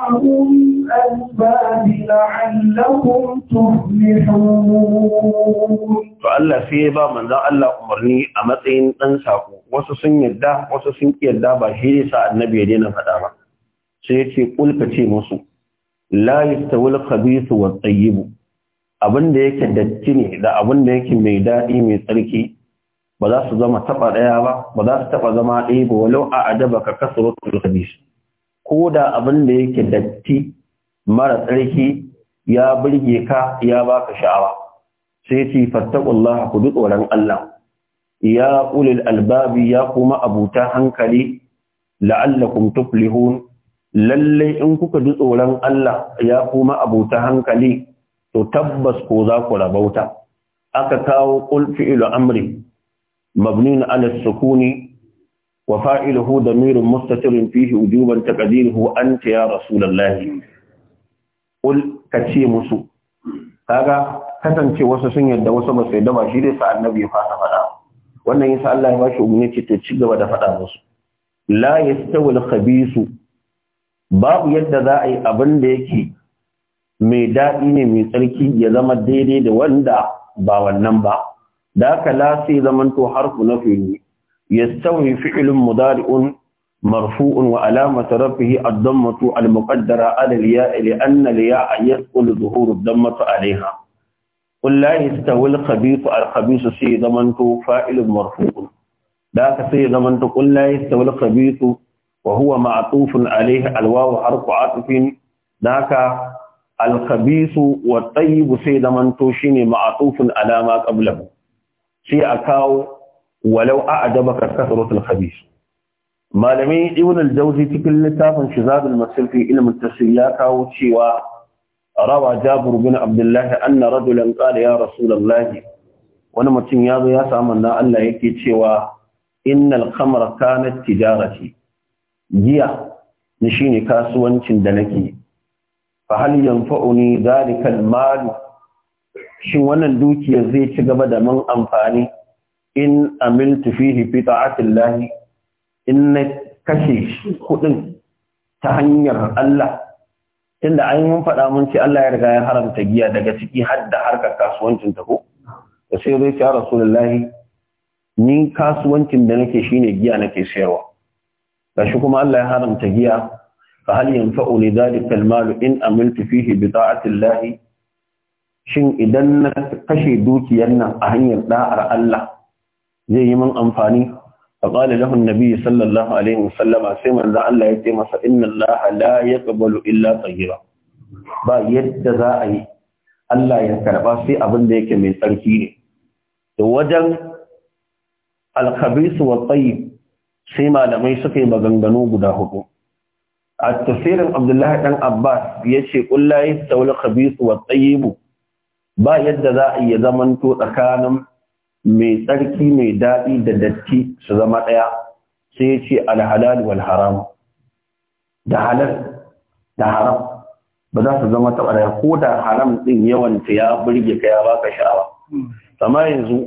أم الأسباب لعلكم تفلحون فألا سيبا من ذا ألا أمرني أمتين أنساكم وسسن يدى وسسن يدى بشير النبي يدينا فدارك sai ce ƙulka ce musu la yastawil khabithu wat tayyib yake datti ne da abinda yake mai daɗi mai tsarki ba za su zama taba ɗaya ba ba za su taɓa zama ɗaya ba walau a adaba ka kasa khabith ko da abinda da yake datti mara tsarki ya burge ka ya baka sha'awa sai ce fattaqullaha ku duk tsoron Allah ya ulil albabi ya kuma abuta hankali la'allakum tuflihun lalle in kuka ji tsoron Allah ya kuma abuta hankali to tabbas ko za ku rabauta aka kawo qul fi'lu amri mabni ala sukuni wa fa'iluhu damirun mustatirun fihi wujuban taqdiruhu anta ya rasulullahi qul kace musu kaga kasance wasu sun yadda wasu ba su yadda ba shi dai sa annabi ya fasa faɗa wannan yasa Allah ya bashi shi ce ta ci gaba da faɗa musu la yastawi al-khabisu babu yadda za a yi abin da yake mai daɗi ne mai tsarki ya zama daidai da wanda ba wannan ba da aka lasi har ku harku na fili ya sauri fi'ilin mudari'un marfu'un wa alama sarrafihi addon mutu almuqaddara adaliya ili annaliya a yasƙul zuhuru don mutu alaiha kullahi ta wil khabisu al khabisu sai zaman to fa'ilin marfu'un da aka sai zaman to kullahi ta wil khabisu Wahuwa, huwa ma'tufun alayhi alwawu harfu atfin naka alkhabisu wa tayyibu sai da manto shine ma'tufun ala ma qablahu sai a kawo walau a'jabaka kasratul khabis malami ibn al-jawzi cikin littafin shizab al-masil fi ilm ya kawo cewa rawa jabir bin abdullah anna rajulan qala ya rasulullahi wani mutum ya zo ya samu nan Allah yake cewa innal kamar khamra kanat tijarati giya shi shine kasuwancin da nake fa hal yanfa'uni zalikal mal shin wannan dukiyar zai ci gaba da mun amfani in amiltu fihi fi ta'atillahi in na kashe kudin ta hanyar Allah Tunda an mun faɗa mun ce Allah ya riga ya haramta giya daga ciki har da harkar kasuwancin ta ko sai zai ce Rasulullahi ni kasuwancin da nake shine giya nake sayarwa kashi kuma Allah ya haramta giya fa hal yanfa'u li dhalika almal in amiltu fihi bi ta'ati shin idan na kashe dukiyar nan a hanyar da'ar Allah zai yi min amfani fa qala lahu an-nabi sallallahu alaihi wasallam sai manzo Allah ya ce masa inna Allah la yaqbalu illa tayyiba ba yadda za a yi Allah ya karba sai abin da yake mai tsarki ne Da wajen al-khabith wa tayyib sai malamai suka yi maganganu guda hudu a tafsirin abdullahi Ɗan abbas ya ce ƙulla ya taula khabisu wa tsayibu ba yadda za a iya zamanto tsakanin mai tsarki mai daɗi da datti su zama ɗaya sai ya ce alhalal wal haram da halal da haram ba za su zama taɓa ɗaya ko da haram ɗin yawan ta ya burge ka ya baka sha'awa hmm. yanzu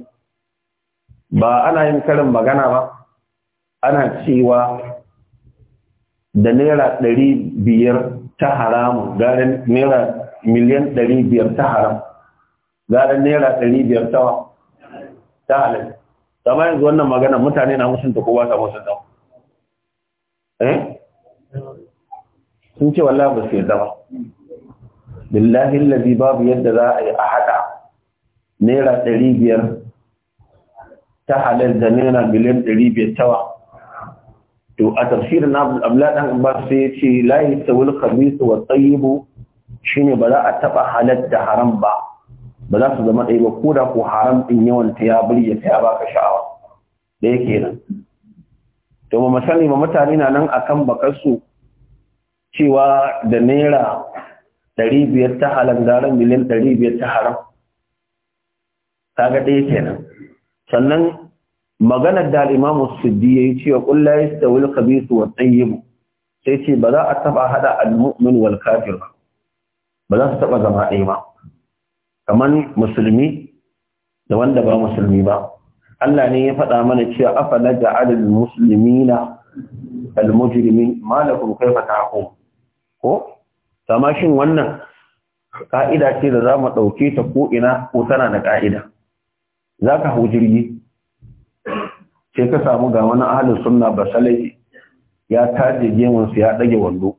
ba ana yin karin magana ba ana cewa da naira ɗari biyar ta haramu, garin naira miliyan ɗari biyar ta haram garin naira ɗari biyar ta ta halal ma yanzu wannan magana mutane na ta kowa ta musunta eh sun ce wallah ba su yadda ba billahi lalzi babu yadda za a yi a haɗa naira ɗari biyar ta halal da naira miliyan ɗari biyar ta wa. to a tafsirin Abdul Abdullah dan Abbas sai ya ce layi, yasawul khabith wa tayyib shine ba za a taba halatta haram ba ba za su zama ɗaya ba ko da ko haram din yawan ta ya burge ta ya baka sha'awa da yake nan to ba masani ba mutane na nan akan bakar su cewa da naira ɗari biyar ta halan ran miliyan ɗari biyar ta haram ga ɗaya kenan sannan maganar da al’imamu imam As-Siddi cewa ƙulla ya yastawi al-khabith wa sai ce ba za a taba hada al wal kafir ba za su taba zama ɗaya ba kamar musulmi da wanda ba musulmi ba Allah ne ya faɗa mana cewa ga adal musulmi na al-mujrimin ma lakum kayfa ko sama shin wannan ka'ida ce da za mu ɗauke ta ko ina ko tana da ka'ida za ka hau jirgi sai ka samu ga wani ahalin sunna basalai ya taje gemunsu ya ɗage wando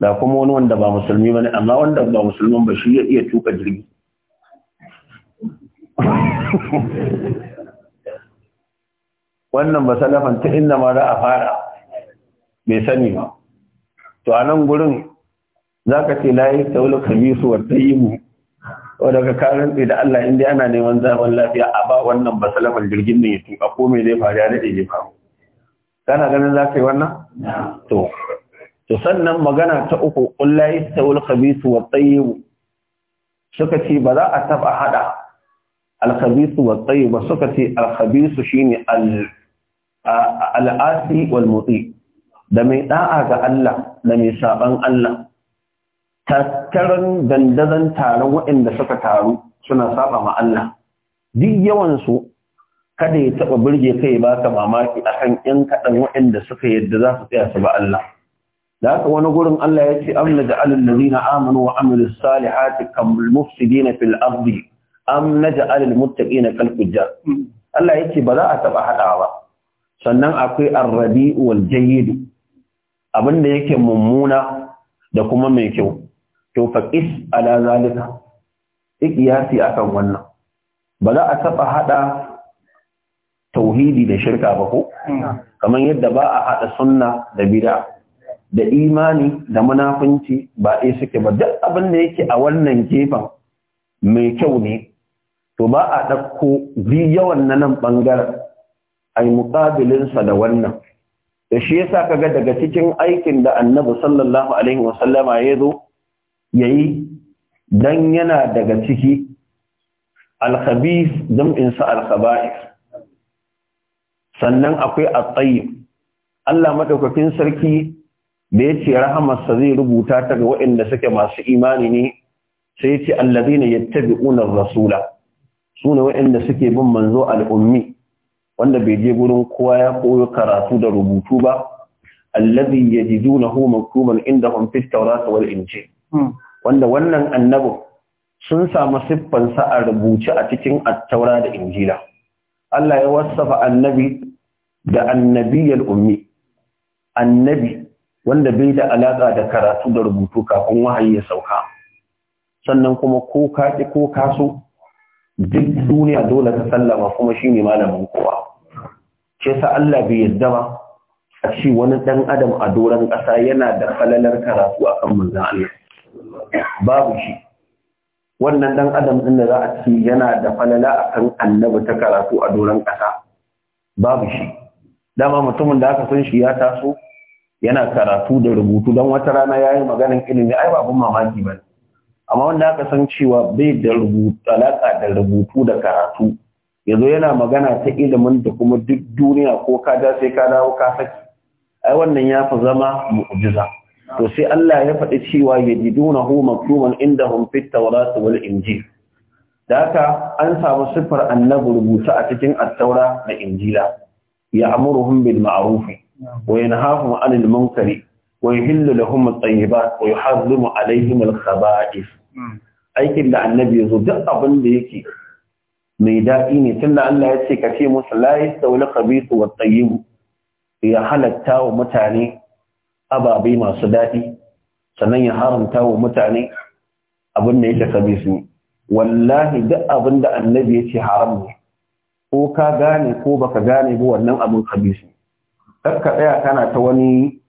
da kuma wani wanda ba musulmi ba ne amma wanda ba musulman ba shi ya iya tuka jirgi wannan ba salafan ta inda ma za a fara bai sani ba to a nan gurin za ka ce layi ta wula kamisu wa ta yi mu o daga karin tsi da Allah in dai ana neman zaman lafiya a ba wannan ba salamar jirgin ne ya tuka komai zai fari ya daɗe jefa faru kana ganin za ka yi wannan to to sannan magana ta uku kullayi ta khabisu wa tsayibu suka ce ba za a taba hada alkhabisu wa tsayibu suka ce Alkabisu shine al al'asi wal mutsi da mai ɗa'a ga Allah da mai saban Allah tattaran dandazon taron waɗanda suka taru suna saba ma Allah duk yawansu kada ya taɓa birge kai ba ka mamaki akan ‘yan kaɗan waɗanda suka yadda za su tsaya su ba Allah. Da haka wani gurin Allah ya ce, Amna da alin lalina amanu wa amilu salihati kamul mufsidi na fil ardi, am na ja alil muttaƙi na Kalkuja. Allah ya ce ba za a taɓa haɗawa ba. Sannan akwai arrabi wal jayidu, abin da yake mummuna da kuma mai kyau. to faqis ala zalika iqiyasi akan wannan ba za a taɓa hada tauhidi da shirka ba ko hmm. kamar yadda ba a hada sunna da bid'a da imani da munafunci ba ɗaya suke ba duk abin da yake a wannan gefen mai kyau ne to ba a ɗauko bi yawan na nan bangaren ai muƙabilinsa da wannan da shi yasa kaga daga cikin aikin da annabi sallallahu alaihi wasallama ya zo yayi dan yana daga ciki al don in sa al sannan akwai atsayi Allah maɗaukakin sarki da yace rahamarsa zai rubuta ta ga waɗanda suke masu imani ne sai yace ya yattabi'una unar rasula sune waɗanda suke bin manzo al'ummi, wanda bai je gurin kowa ya koyo karatu da rubutu ba allazi yajidunahu maktuban indahum fit tawrat in injil hmm. wanda wannan annabin sun samu siffansa a rubuce a cikin attaura da injila Allah ya wasafa annabi da annabiyar ummi annabi wanda bai da alaƙa da karatu da rubutu kafin wahayi ya sauka sannan kuma ko ki ko kaso duk duniya dole ta sallama kuma shine malamin kowa ke sa Allah bai yadda ba a ce wani ɗan adam a doron ƙasa yana da falalar karatu a kan manzan Allah babu shi wannan dan adam din da za a ci yana da falala akan annabi ta karatu a doron kasa babu shi dama mutumin da aka san shi ya taso yana karatu da rubutu don wata rana ya yi maganin ilimi ai babun mamaki ba amma wanda aka san cewa bai da alaƙa da rubutu da karatu yanzu yana magana ta ilimin da kuma duk duniya ko ka da sai ka dawo ka saki ai wannan ya fi zama mu'jiza to sai Allah ya faɗi cewa ya yajidunahu maktuman indahum fit tawrat wani injil da haka an samu siffar annabi rubuta a cikin attaura taura da injila ya'muruhum bil ma'ruf wa hafi ma'anin munkari wa yuhillu lahum at-tayyibat wa yuharrimu 'alayhim al-khaba'ith aikin da annabi yazo duk abin da yake mai daɗi ne tunda Allah ya ce ka ce musu la yastawil khabithu ya halatta wa mutane ababe masu daɗi sannan ya haramta wa mutane abin da yake sabi su wallahi duk abin da annabi ya ce haram ne ko ka gane ko baka gane ba wannan abin sabi su ka tsaya kana ta wani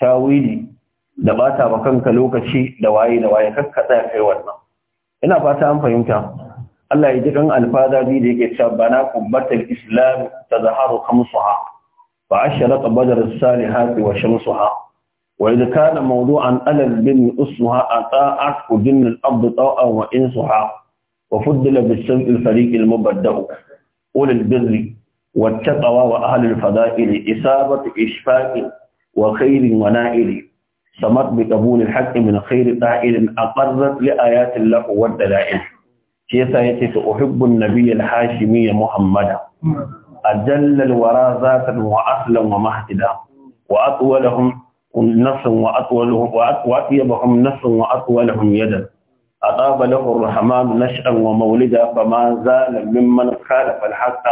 tawili da bata ba kanka lokaci da waye da waye ka tsaya kai wannan ina fata an fahimta Allah ya ji kan alfada da yake cewa bana kubbatul islam tazharu khamsuha فأشرت بدر الصالحات وشمسها وإذا كان موضوعا ألا البن أسها أطاعته جن الأرض طوعا وإنسها وفضل بالسمع الفريق المبدأ أولي البر والتقوى وأهل الفضائل إصابة إشفاء وخير ونائل سمت بقبول الحق من خير طائل أقرت لآيات الله والدلائل كيف يتي أحب النبي الحاشمي محمدا أجل الورازات وأسلم ومحددا وأطولهم نفس وأطولهم وأطيبهم نفس وأطولهم يدا أطاب له الرحمن نشأ ومولدا فما زال ممن خالف الحق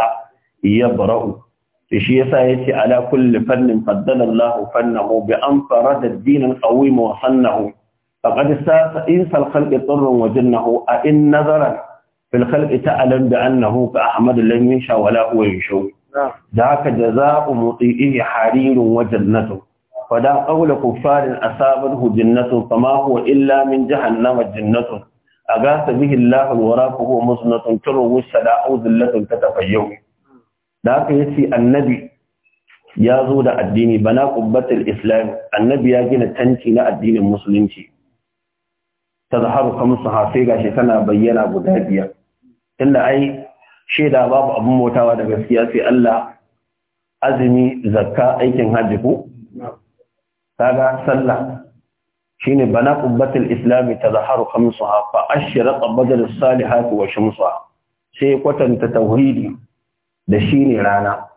يبرأ في شيء سايتي على كل فن فضل الله فنه بأن فرد الدين القويم وصنه فقد استأنس الخلق طر وجنه أئن نظرا fil khalqi ta'lam bi annahu ka ahmad lam yasha wala huwa yasha da haka jaza'u muti'ihi harirun wa jannatu fada qawla kuffarin asabathu jannatu fama huwa illa min jahannama jannatu agasa bihi Allah alwara fa huwa musnatun turu sada au zillatun tatafayyu da haka yace annabi ya zo da addini bana qubbatul islam annabi ya gina tanti na addinin musulunci tazharu kamsu hafe gashi tana bayyana guda biyar tunda ai shaida babu abin motawa da gaskiya sai Allah azumi zakka aikin hajji ko kaga sallah shine bana qubbatul islam tazaharu khamsuha fa ashraq badal salihat wa shamsuha sai kwatanta tauhidi da shine rana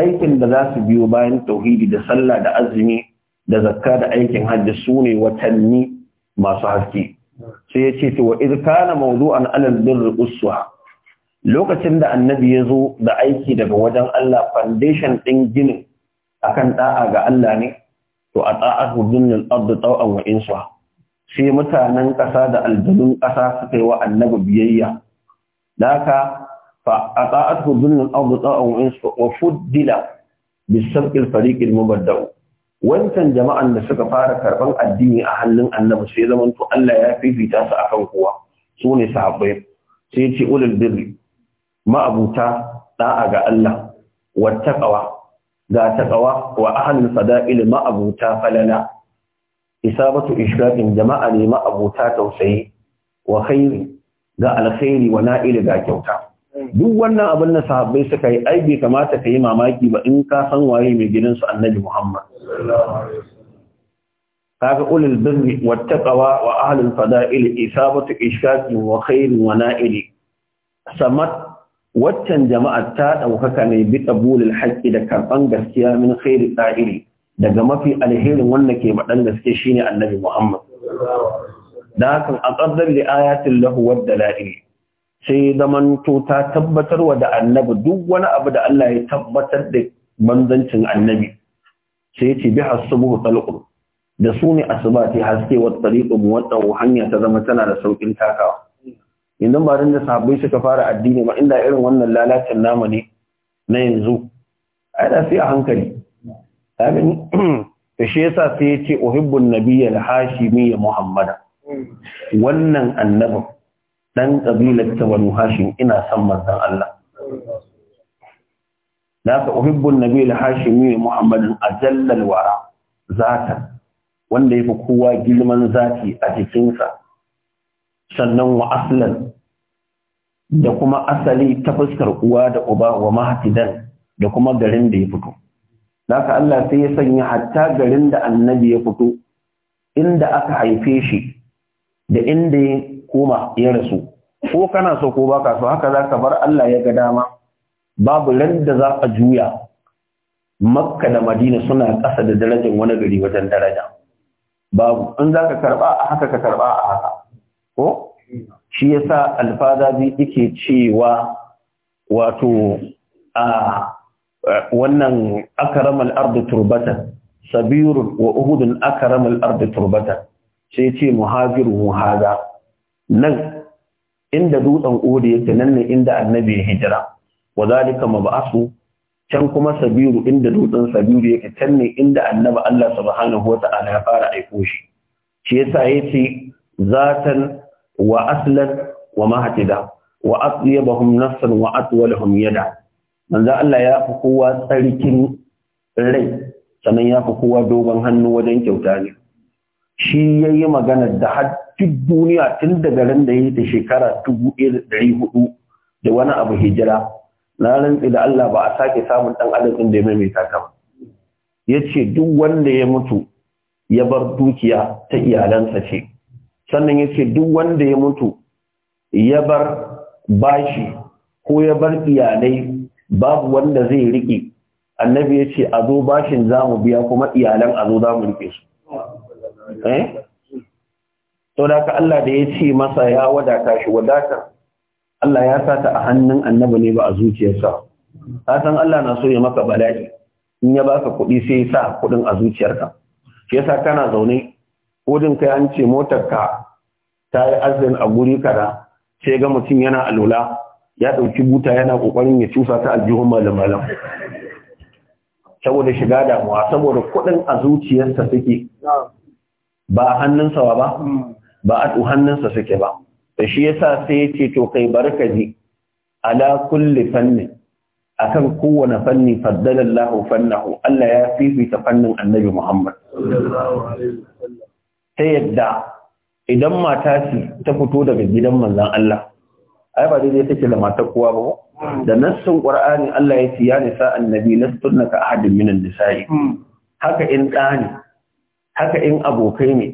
aikin da za su biyo bayan tauhidi da sallah da azumi da zakka da aikin hajji sune watanni masu haske sai ya ce to wa idh kana mawdu'an alal birr uswa lokacin da annabi ya zo da aiki daga wajen Allah foundation ɗin ginin akan ɗa'a ga Allah ne to a ɗa'ar hudunin ardu tsawon wa insuwa sai mutanen ƙasa da aljanun ƙasa suka yi wa annabi biyayya da fa a ɗa'ar hudunin ardu tsawon wa insuwa wa fuddila bisabƙil fariƙil mubadda'u wancan jama'an da suka fara karɓan addini a hannun annabi sai zaman to Allah ya fifita su akan kowa su ne sahabbai sai ce ulul birri ma'abuta da'a ga Allah wa taqwa ga taqwa wa ahlul fada'il ma'abuta falala isabatu ishrakin jama'a ne ma'abuta tausayi wa khairi ga alkhairi wa na'il ga kyauta duk wannan abin da sahabbai suka yi ai bai kamata ka yi mamaki ba in ka san waye mai gidan su annabi Muhammad kaga ulul birri wattaqwa wa ahlul fada'il isabatu ishaqin wa khairin wa na'ili samat waccan jama'a ta ɗaukaka ne bi tabulil haƙƙi da karɓan gaskiya min khairi tsa'iri daga mafi alherin wanda ke baɗan gaske shine annabi Muhammad. Da hakan a ƙaddar da ayatin lahu wadda la'iri sai zaman to ta tabbatarwa da annabi duk wani abu da Allah ya tabbatar da manzancin annabi sai ce bi hasubuhu talqur da su ne asibati haske wa tariqu muwadda hanya ta zama tana da saukin takawa idan ba da sahabbai suka fara addini ba inda irin wannan lalacin nama ne na yanzu ai da sai a hankali abin da shi yasa sai yace Nabiya da hashimi ya muhammada wannan annabin ɗan kabilar ta banu hashim ina son manzon Allah naka uhibbun nabiyyal hashimi ya muhammadin ajallal wara zatan wanda ya fi kowa girman zati a jikinsa sannan wa aslan da kuma asali ta fuskar uwa da uba wa mahatidan da kuma garin da ya fito haka Allah sai ya sanya hatta garin da annabi ya fito inda aka haife shi da inda ya koma ya rasu ko kana so ko baka so haka za ka bar Allah ya ga dama babu ran da za a juya Makka da Madina suna ƙasa da darajar wani gari wajen daraja. Babu, in za ka karɓa a haka ka karɓa a haka. ko shi yasa alfazazi yake cewa wato a wannan akramal ardu turbatan sabir wa uhud akramal ardu turbatan sai ce muhajiru hada nan inda dutsen ode yake nan ne inda annabi ya hijira wa zalika mab'asu can kuma sabiru inda dutsen sabiru yake can ne inda annabi Allah subhanahu wata'ala ya fara aiko shi shi yasa yace zatan wa aslan wa mahatida wa atyabahum nafsan wa atwalahum yada manzo Allah ya fi kowa tsarkin rai sannan ya fi kowa dogon hannu wajen kyauta ne shi yayi magana da har duniya tun da ran da yayi ta shekara 1400 da wani abu hijira na rantsi da Allah ba a sake samun dan adam da ya maimaita ta ba yace duk wanda ya mutu ya bar dukiya ta iyalansa ce sannan yace duk wanda ya mutu ya bar bashi ko ya bar iyalai babu wanda zai riƙe annabi ya ce a zo bashin za mu biya kuma iyalan a zo za mu riƙe su eh? to da ka Allah da ya ce masa ya wadata shi wadatar Allah ya sata a hannun annabi ne ba a zuciyarsa ka san Allah na so ya maka bala'i in ya baka kuɗi sai ya sa kuɗin a zuciyarka shi sa kana zaune odin kai an ce motar ka ta yi azin a guri kada sai ga mutum yana alula ya ɗauki buta yana ƙoƙarin ya cusa ta aljihun malam-malam saboda shiga damuwa saboda kuɗin a zuciyarsa suke ba a hannunsa ba ba a hannunsa suke ba da shi yasa sai ya ce to kai barkaji ala kulli fanni kan kowane fanni faddala fannahu Allah ya fifita fannin Annabi Muhammad ta yadda idan mata ce ta fito daga gidan manzan Allah ai ba daidai take da matar kowa ba da nassun ƙwar'ani Allah ya ce ya nisa annabi lastunna ka ahadin minan nisa'i hmm. haka in ne haka in abokai ne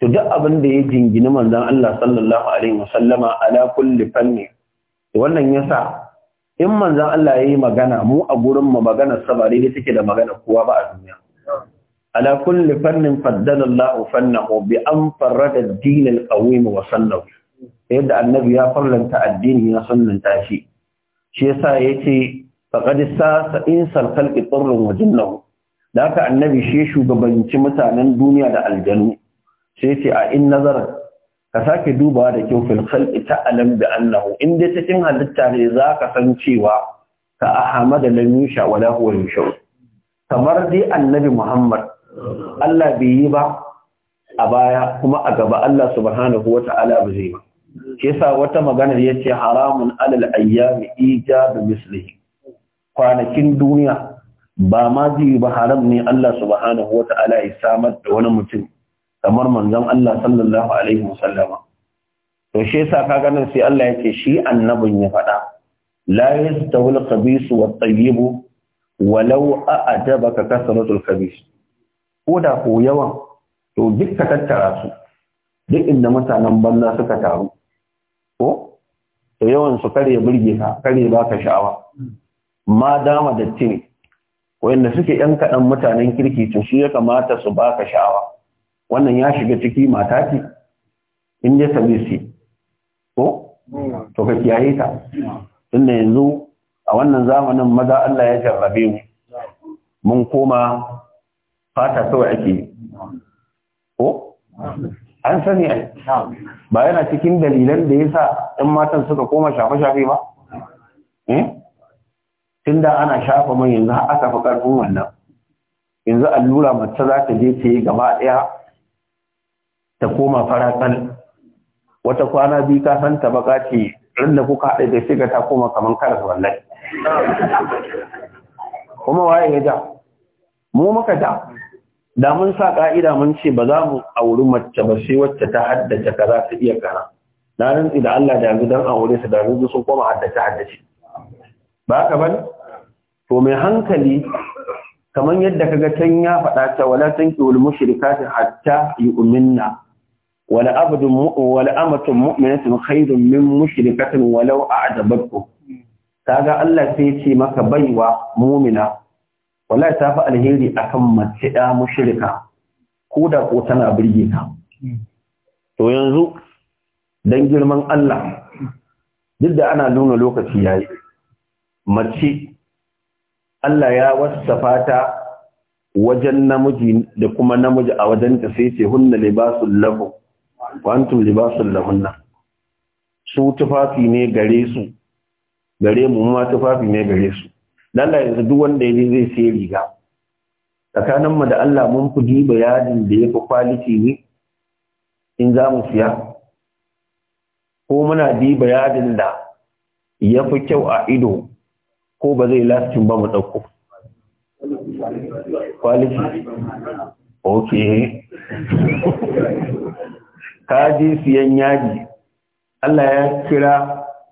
to duk abin da ya jingini manzan Allah sallallahu alaihi wasallama ala kulli fanni wannan yasa in manzan Allah ya yi magana mu a gurin mu magana sa ba daidai take da magana kowa ba a duniya ala kulle fannin faddala fannahu bi an farrada ad-din al yadda annabi ya farlanta addini ya sunnanta shi shi yasa yace faqad sa'sa insal khalqi turrun wa jinnahu da haka annabi shi shugabanci mutanen duniya da aljanu sai a in nazar ka sake dubawa da kyau fil khalqi ta'lam bi annahu in dai cikin halitta ne zaka san cewa ka ahmad lam yusha wala huwa yusha kamar dai annabi muhammad Allah bai yi ba a baya kuma a gaba Allah subhanahu ta'ala bai zai ba ke sa wata maganar ya ce haramun alal ayyami ija da mislihi kwanakin duniya ba ma zai ba haram ne Allah subhanahu ta'ala ya samar da wani mutum kamar manzon Allah sallallahu alaihi wasallama to shi yasa ka nan sai Allah yace shi annabin ya faɗa la yastawil khabith wat tayyib walau a'jabaka kasratul khabith ko da ko yawan to duk ka tattara su duk inda mutanen banza suka taru ko to yawan su kare burge ka kare baka sha'awa ma dama da tini wanda suke yan kaɗan mutanen kirki to shi ya kamata su baka sha'awa wannan ya shiga ciki mata ce in dai sabisi ko to ka kiyaye ta tunda yanzu a wannan zamanin maza Allah ya jarrabe mu mun koma fata sawa ake yi. ko an sani a ba yana cikin dalilan da ya sa ɗan matan suka koma shafe-shafe ba eh? tun da ana shafa mai yanzu aka fi ƙarfin wannan yanzu allura mace za ta je ta yi gaba ɗaya ta koma faratsal wata kwana biyu ka san ta baka ce da kuka haɗe da shiga ta koma kamar karas wallahi kuma waye ya ja mu muka ja da mun sa ka'ida mun ce ba za mu auri mace ba sai wacce ta haddace za ta iya kara na rantsi da Allah da yanzu dan aure su da yanzu sun koma haddace haddace ba ka ban? to mai hankali kamar yadda kaga can ya faɗa ta wala tankihul mushrikati hatta yu'minna wala abdun wala amatun mu'minatin khairun min mushrikatin walau Ta ga Allah sai ya ce maka baiwa mu'mina wallahi ta fi alheri kan mace ɗa mushirika, ko da ko tana birge ka to yanzu don girman Allah duk da ana nuna lokaci ya yi mace Allah ya wasu ta wajen namiji da kuma namiji a wajen ta sai ce hunna libasul lahu wa antum lahunna su tufafi ne gare su gare mu ma tufafi ne gare su lalla yanzu duk wanda ya je zai sai riga tsakanin mu da Allah mun fi diba yadin da ya fi kwaliti ne in za mu siya ko muna diba yadin da ya fi kyau a ido ko ba zai lastin ba mu ɗauko kwaliti ok [LAUGHS] je siyan yaji Allah ya kira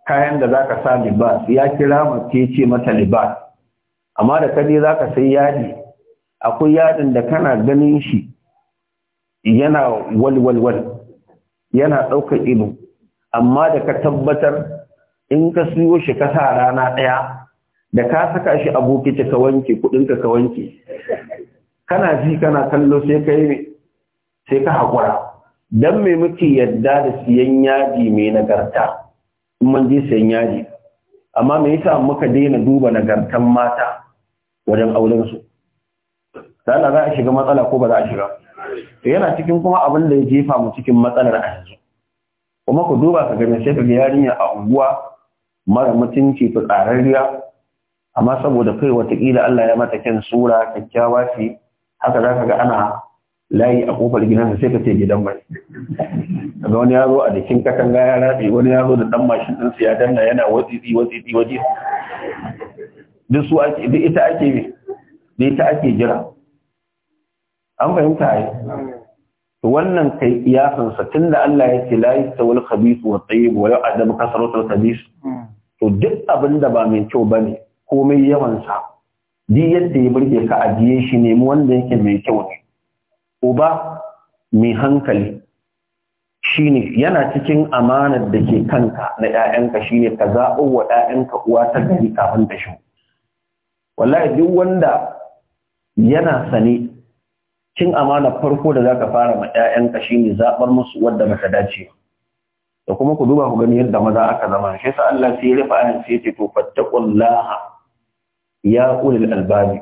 kayan da zaka sa libas ya kira mace ce mata libas amma da je za ka sai yadi, akwai yadin da kana ganin shi yana walwalwal yana ɗaukar ido amma da ka tabbatar in ka siyo shi ka sa rana ɗaya da ka saka shi a bokiti ka wanke kuɗinka ka wanke kana ji kana kallo sai ka sai ka haƙura don me muke yadda da siyan yaji mai nagarta in mun je siyan yaji amma me yasa muka daina duba nagartan mata wajen aurensu sana za a shiga matsala ko ba za a shiga to yana cikin kuma abin da ya jefa mu cikin matsalar a yanzu kuma ku duba ka gani sai ka ga yarinya a unguwa mara mutunci tsararriya. amma saboda kai watakila Allah ya mata kyan sura kyakkyawa ce haka za ka ga ana layi a kofar gidansa sai ka ce gidan mai daga wani yaro a jikin katanga ya rabe wani yaro da dan mashin ɗinsu ya danna yana watsitsi watsitsi waje duk su ake duk ita ake da ita ake jira an fahimta ai wannan kai iyasan sa tunda Allah ya ce la yastawil khabith wa tayyib wa ya'dab kasratul khabith to duk abin da ba mai kyau bane komai yawan sa duk yadda ya burge ka ajiye shi nemi wanda yake mai kyau ne uba mai hankali shine yana cikin amanar da ke kanka na 'ya'yanka shine ka zaɓo wa 'ya'yanka uwa ta gari kafin ta shigo wallahi duk wanda yana sane cin amana farko da zaka fara ma ƴaƴan ka shine zabar musu wanda baka dace da kuma ku duba ku gani yadda maza aka zama shi sa Allah sai ya rufa ayan sai ya to fattaqullaha ya ulil albabi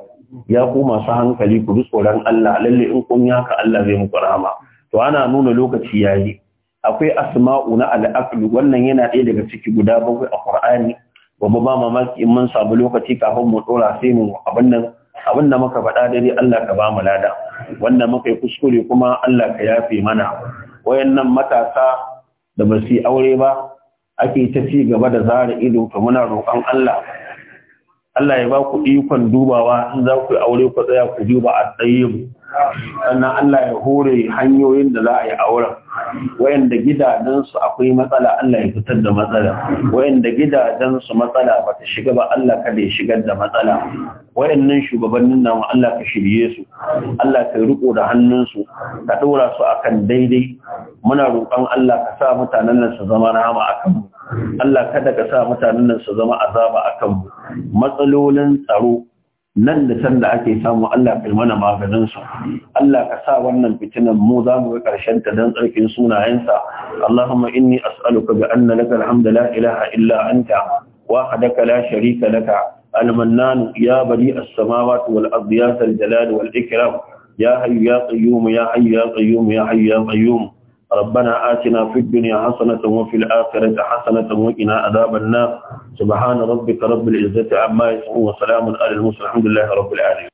ya ku masu hankali ku bi tsoron Allah lalle in kun yaka Allah zai muku rahama to ana nuna lokaci yayi akwai asma'u na al'aql wannan yana ɗaya daga ciki guda bakwai a Qur'ani gobe ba mamaki in mun samu lokaci kafin mu dora sai mu abin da muka faɗa dare Allah ka ba mu lada wanda muka yi kuskure kuma Allah ka yafe mana wayannan matasa da ba su aure ba ake ta ci gaba da zara ido to muna roƙon Allah Allah ya ba ku ikon dubawa in za ku yi aure ku tsaya ku duba a tsaye mu. sannan Allah ya hore hanyoyin da za a yi auren wayanda su akwai matsala Allah ya fitar da matsala wayanda su matsala ba ta shiga ba Allah kada ya shigar da matsala wayannan shugabannin namu Allah ka shirye su Allah ka riko da hannunsu ka dora su akan daidai muna roƙon Allah ka sa mutanen nan su zama rahama akan mu Allah kada ka sa mutanen nan su zama azaba a kanmu matsalolin tsaro nan da san da ake samu Allah kai mana maganin su Allah ka sa wannan fitinan mu za mu ga karshen ta dan tsarkin sunayensa Allahumma inni as'aluka bi anna laka alhamdu la ilaha illa anta wahdaka la sharika laka المنان يا بريء السماوات والأرض يا ذا Wal Ikram. Ya حي ya قيوم Ya حي ya قيوم Ya حي ya قيوم ربنا آتنا في الدنيا حسنة وفي الآخرة حسنة وقنا عذاب النار سبحان ربك رب العزة عما يصفون وسلام على المرسلين الحمد لله رب العالمين